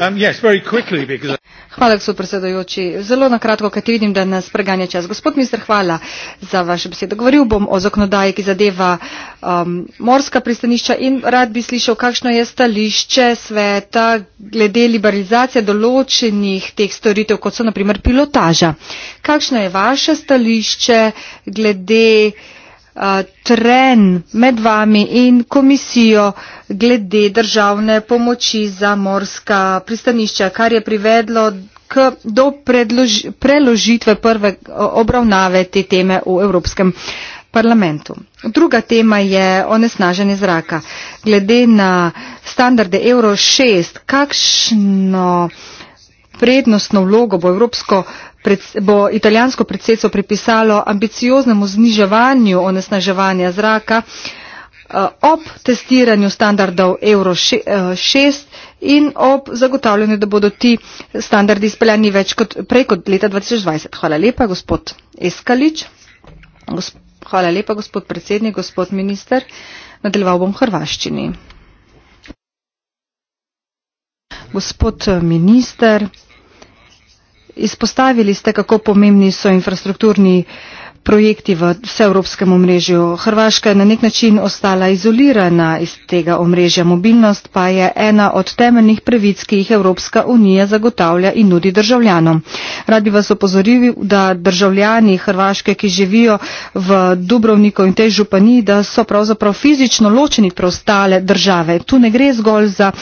um, yes, quickly, because... Hvala, gospod predsedujoči. Zelo na kratko, kajti vidim, da nas preganja čas. Gospod minister, hvala za vaše besede. Govoril bom o zakonodaji, ki zadeva um, morska pristanišča in rad bi slišal, kakšno je stališče sveta glede liberalizacije določenih teh storitev, kot so naprimer pilotaža. Kakšno je vaše stališče glede uh, tren med vami in komisijo? glede državne pomoči za morska pristanišča, kar je privedlo k, do predlož, preložitve prve obravnave te teme v Evropskem parlamentu. Druga tema je onesnaženje zraka. Glede na standarde Euro 6, kakšno prednostno vlogo bo, Evropsko, bo italijansko predsedstvo pripisalo ambicioznemu zniževanju onesnaževanja zraka, Eh, ob testiranju standardov Euro 6 eh, in ob zagotavljanju, da bodo ti standardi izpeljani več kot prej kot leta 2020. Hvala lepa, gospod Eskalič. Hvala lepa, gospod predsednik, gospod minister. Nadaljeval bom v Hrvaščini. Gospod eh, minister, izpostavili ste, kako pomembni so infrastrukturni uh, projekti v vseevropskem omrežju. Hrvaška je na nek način ostala izolirana iz tega omrežja. Mobilnost pa je ena od temeljnih pravic, ki jih Evropska unija zagotavlja in nudi državljanom. Radi vas opozorili, da državljani Hrvaške, ki živijo v Dubrovniku in tej županiji, da so pravzaprav fizično ločeni preostale države. Tu ne gre zgolj za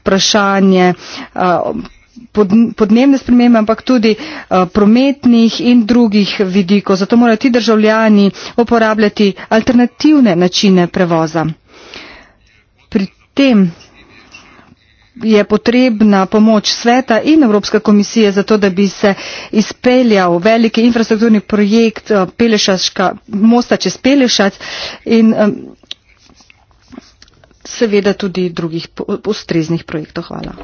vprašanje. Uh, pod, podnebne spremembe, ampak tudi uh, prometnih in drugih vidikov. Zato morajo ti državljani uporabljati alternativne načine prevoza. Pri tem je potrebna pomoč sveta in Evropske komisije za to, da bi se izpeljal veliki infrastrukturni projekt eh, Pelešaška, mosta čez Pelešac in seveda tudi drugih ustreznih projektov. Hvala.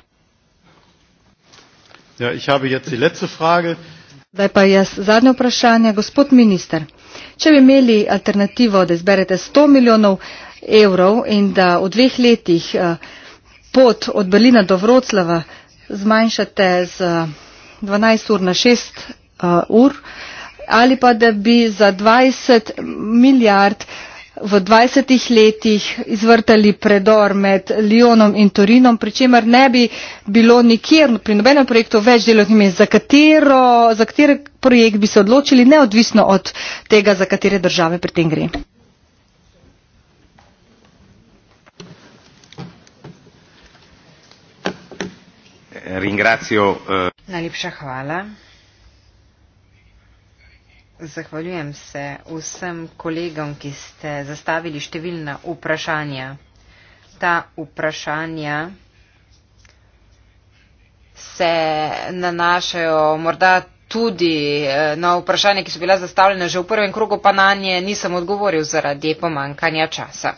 Ja, ich habe jetzt die letzte Frage. Zdaj pa jaz zadnje vprašanje. Gospod minister, če bi imeli alternativo, da izberete 100 milijonov evrov in da v dveh letih eh, pot od Berlina do Vroclava zmanjšate z 12 eh, ur na 6 eh, ur, ali pa da bi za 20 milijard v dvajsetih letih izvrtali predor med lionom in torinom pri čemer ne bi bilo nikjer pri nobenem projektu več delovnih mest za, za kateri projekt bi se odločili neodvisno od tega za katere države pri tem gre. Eh, Najlepša hvala. Zahvaljujem se vsem kolegom, ki ste zastavili številna vprašanja. Ta vprašanja se nanašajo morda tudi eh, na vprašanja, ki so bila zastavljena že v prvem krogu, pa na nje nisem odgovoril zaradi pomankanja časa.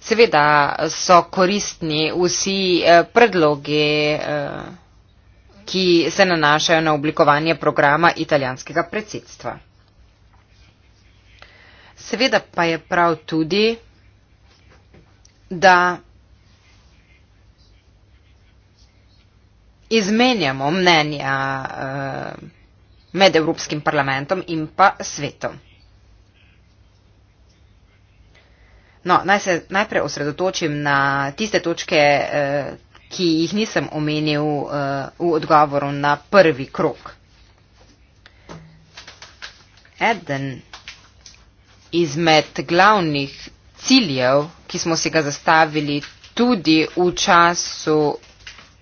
Seveda so koristni vsi eh, predlogi eh, ki se nanašajo na oblikovanje programa italijanskega predsedstva. Seveda pa je prav tudi, da izmenjamo mnenja eh, med Evropskim parlamentom in pa svetom. No, naj se najprej osredotočim na tiste točke eh, ki jih nisem omenil uh, v odgovoru na prvi krok. Eden izmed glavnih ciljev, ki smo si ga zastavili tudi v času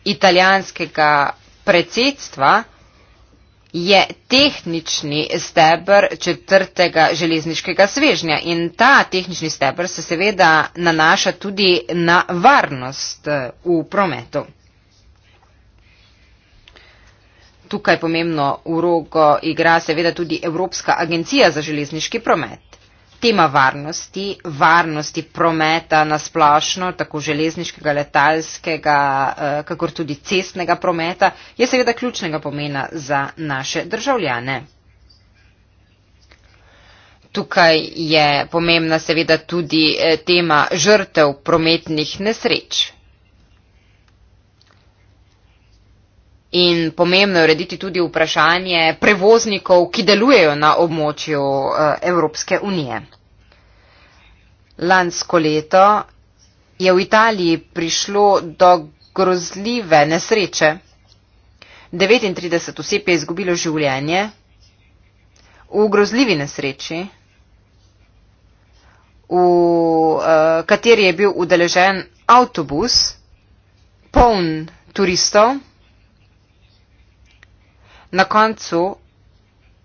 italijanskega predsedstva, je tehnični stebr četrtega železniškega svežnja in ta tehnični stebr se seveda nanaša tudi na varnost eh, v prometu. Tukaj pomembno urogo igra seveda tudi Evropska agencija za železniški promet tema varnosti, varnosti prometa na splošno, tako železniškega, letalskega, eh, kakor tudi cestnega prometa, je seveda ključnega pomena za naše državljane. Tukaj je pomembna seveda tudi eh, tema žrtev prometnih nesreč. In pomembno je urediti tudi vprašanje prevoznikov, ki delujejo na območju eh, Evropske unije. Lansko leto je v Italiji prišlo do grozljive nesreče. 39 oseb je izgubilo življenje v grozljivi nesreči, v eh, kateri je bil udeležen avtobus poln turistov na koncu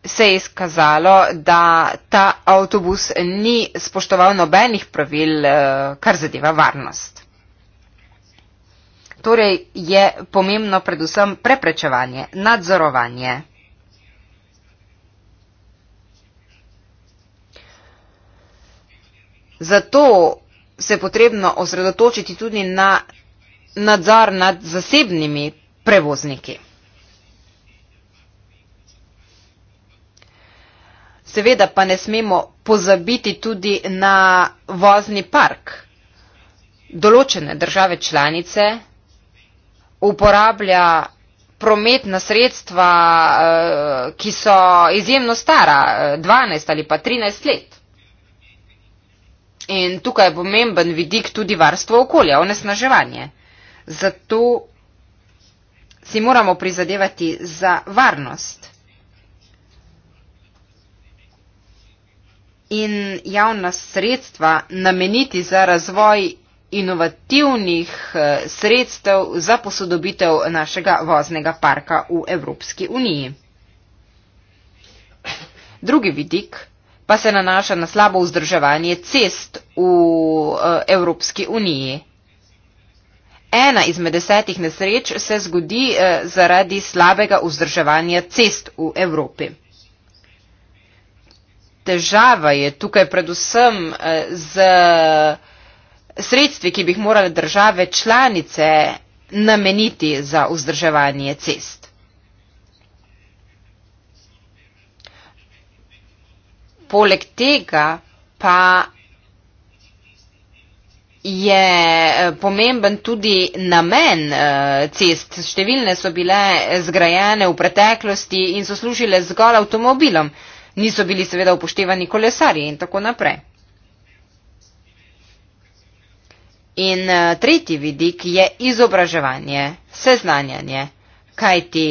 se je izkazalo, da ta avtobus ni spoštoval nobenih pravil, eh, kar zadeva varnost. Torej je pomembno predvsem preprečevanje, nadzorovanje. Zato se je potrebno osredotočiti tudi na nadzor nad zasebnimi prevozniki. Seveda pa ne smemo pozabiti tudi na vozni park. Določene države članice uporablja prometna sredstva, eh, ki so izjemno stara, 12 eh, ali pa 13 let. In tukaj je pomemben vidik tudi varstvo okolja, onesnaževanje. Zato si moramo prizadevati za varnost. in javna sredstva nameniti za razvoj inovativnih eh, sredstev za posodobitev našega voznega parka v Evropski uniji. Drugi vidik pa se nanaša na slabo vzdrževanje cest v eh, Evropski uniji. Ena izmed desetih nesreč se zgodi eh, zaradi slabega vzdrževanja cest v Evropi težava je tukaj predvsem eh, z sredstvi, ki bi jih morale države članice nameniti za vzdrževanje cest. Poleg tega pa je eh, pomemben tudi namen eh, cest. Številne so bile zgrajene v preteklosti in so služile zgolj avtomobilom. Niso bili seveda upoštevani kolesarji in tako naprej. In eh, tretji vidik je izobraževanje, seznanjanje. Kaj ti?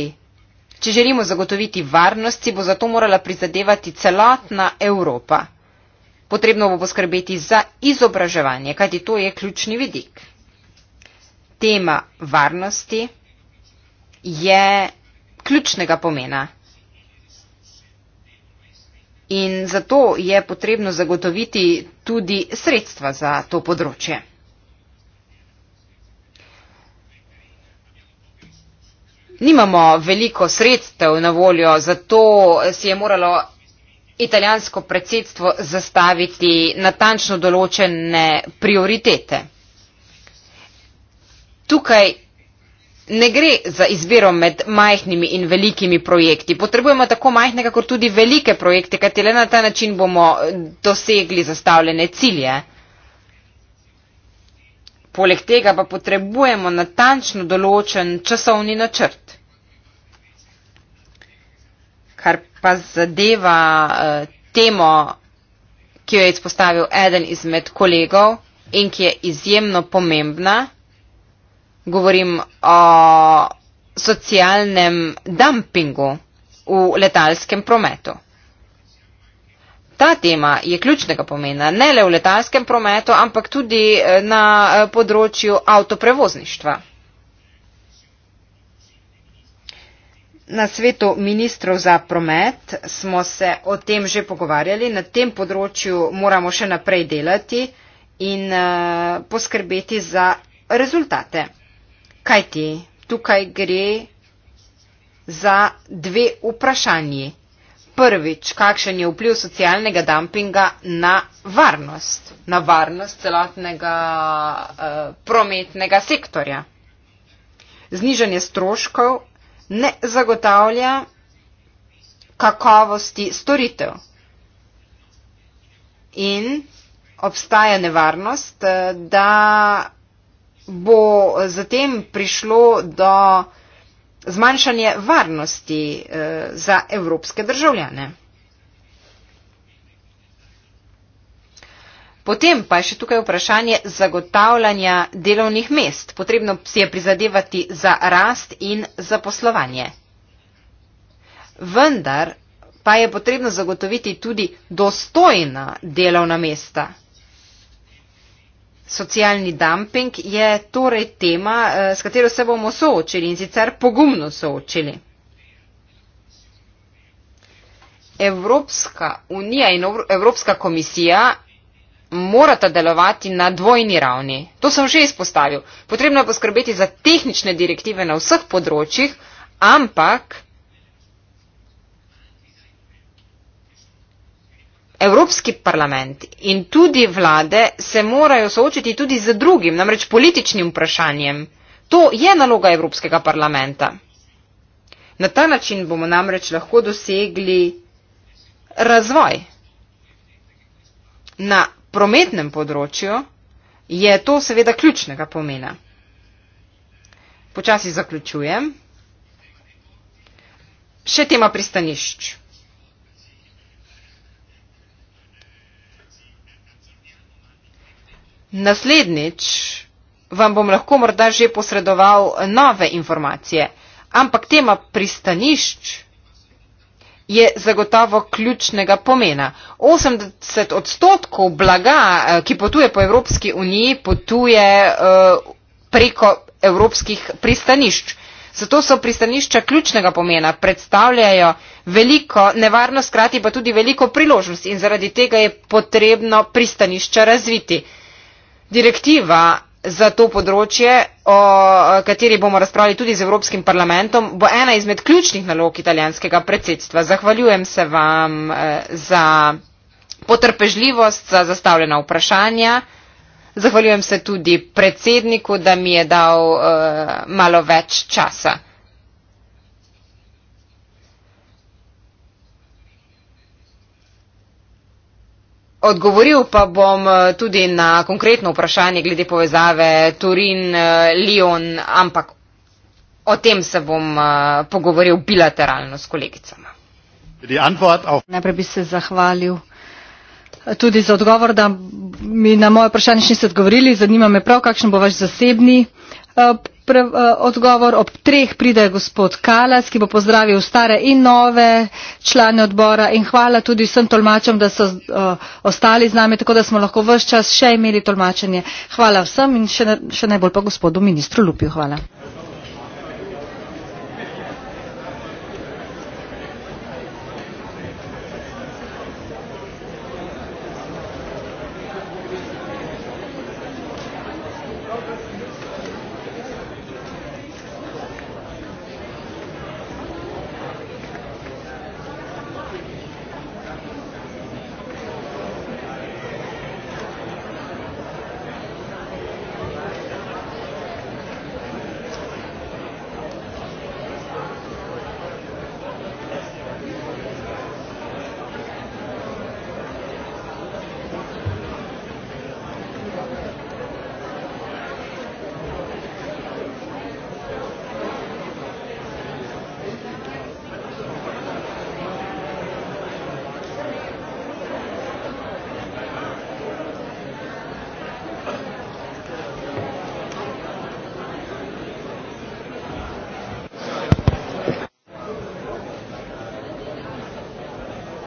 Če želimo zagotoviti varnost, si bo zato morala prizadevati celotna Evropa. Potrebno bo poskrbeti za izobraževanje, kajti to je ključni vidik. Tema varnosti je ključnega pomena in zato je potrebno zagotoviti tudi sredstva za to področje. Nimamo veliko sredstev na voljo, zato si je moralo italijansko predsedstvo zastaviti natančno določene prioritete. Tukaj Ne gre za izbiro med majhnimi in velikimi projekti. Potrebujemo tako majhne, kakor tudi velike projekte, kajti le na ta način bomo eh, dosegli zastavljene cilje. Poleg tega pa potrebujemo natančno določen časovni načrt. Kar pa zadeva eh, temo, ki jo je izpostavil eden izmed kolegov in ki je izjemno pomembna govorim o socialnem dumpingu v letalskem prometu. Ta tema je ključnega pomena ne le v letalskem prometu, ampak tudi eh, na eh, področju avtoprevozništva. Na svetu ministrov za promet smo se o tem že pogovarjali, na tem področju moramo še naprej delati in eh, poskrbeti za rezultate. Kajti tukaj gre za dve vprašanji. Prvič, kakšen je vpliv socialnega dumpinga na varnost, na varnost celotnega uh, prometnega sektorja. Znižanje stroškov ne zagotavlja kakovosti storitev in obstaja nevarnost, eh, da bo zatem prišlo do zmanjšanja varnosti eh, za evropske državljane. Potem pa je še tukaj vprašanje zagotavljanja delovnih mest. Potrebno si je prizadevati za rast in za poslovanje. Vendar pa je potrebno zagotoviti tudi dostojna delovna mesta. Socialni dumping je torej tema, eh, s katero se bomo soočili in sicer pogumno soočili. Evropska unija in Evropska komisija morata delovati na dvojni ravni. To sem že izpostavil. Potrebno je poskrbeti za tehnične direktive na vseh področjih, ampak Evropski parlament in tudi vlade se morajo soočiti tudi z drugim, namreč političnim vprašanjem. To je naloga Evropskega parlamenta. Na ta način bomo namreč lahko dosegli razvoj. Na prometnem področju je to seveda ključnega pomena. Počasi zaključujem. Še tema pristanišč. Naslednjič vam bom lahko morda že posredoval nove informacije, ampak tema pristanišč je zagotovo ključnega pomena. 80 odstotkov blaga, eh, ki potuje po Evropski uniji, potuje eh, preko evropskih pristanišč. Zato so pristanišča ključnega pomena, predstavljajo veliko nevarnost, krati pa tudi veliko priložnost in zaradi tega je potrebno pristanišča razviti. Direktiva za to področje, o kateri bomo razpravljali tudi z Evropskim parlamentom, bo ena izmed ključnih nalog italijanskega predsedstva. Zahvaljujem se vam eh, za potrpežljivost, za zastavljena vprašanja. Zahvaljujem se tudi predsedniku, da mi je dal uh, malo več časa. Odgovoril pa bom eh, tudi na konkretno vprašanje glede povezave Turin-Lion, ampak o tem se bom eh, pogovoril bilateralno s kolegicama. Najprej bi se zahvalil eh, tudi za odgovor, da mi na moje vprašanje še niste odgovorili. Zanima me prav, kakšen bo vaš zasebni prav, eh, odgovor. Ob treh pride gospod Kalas, ki bo pozdravil stare in nove člane odbora in hvala tudi vsem tolmačem, da so uh, ostali z nami, tako da smo lahko vse čas še imeli tolmačenje. Hvala vsem in še, še najbolj pa gospodu ministru Lupiju. Hvala.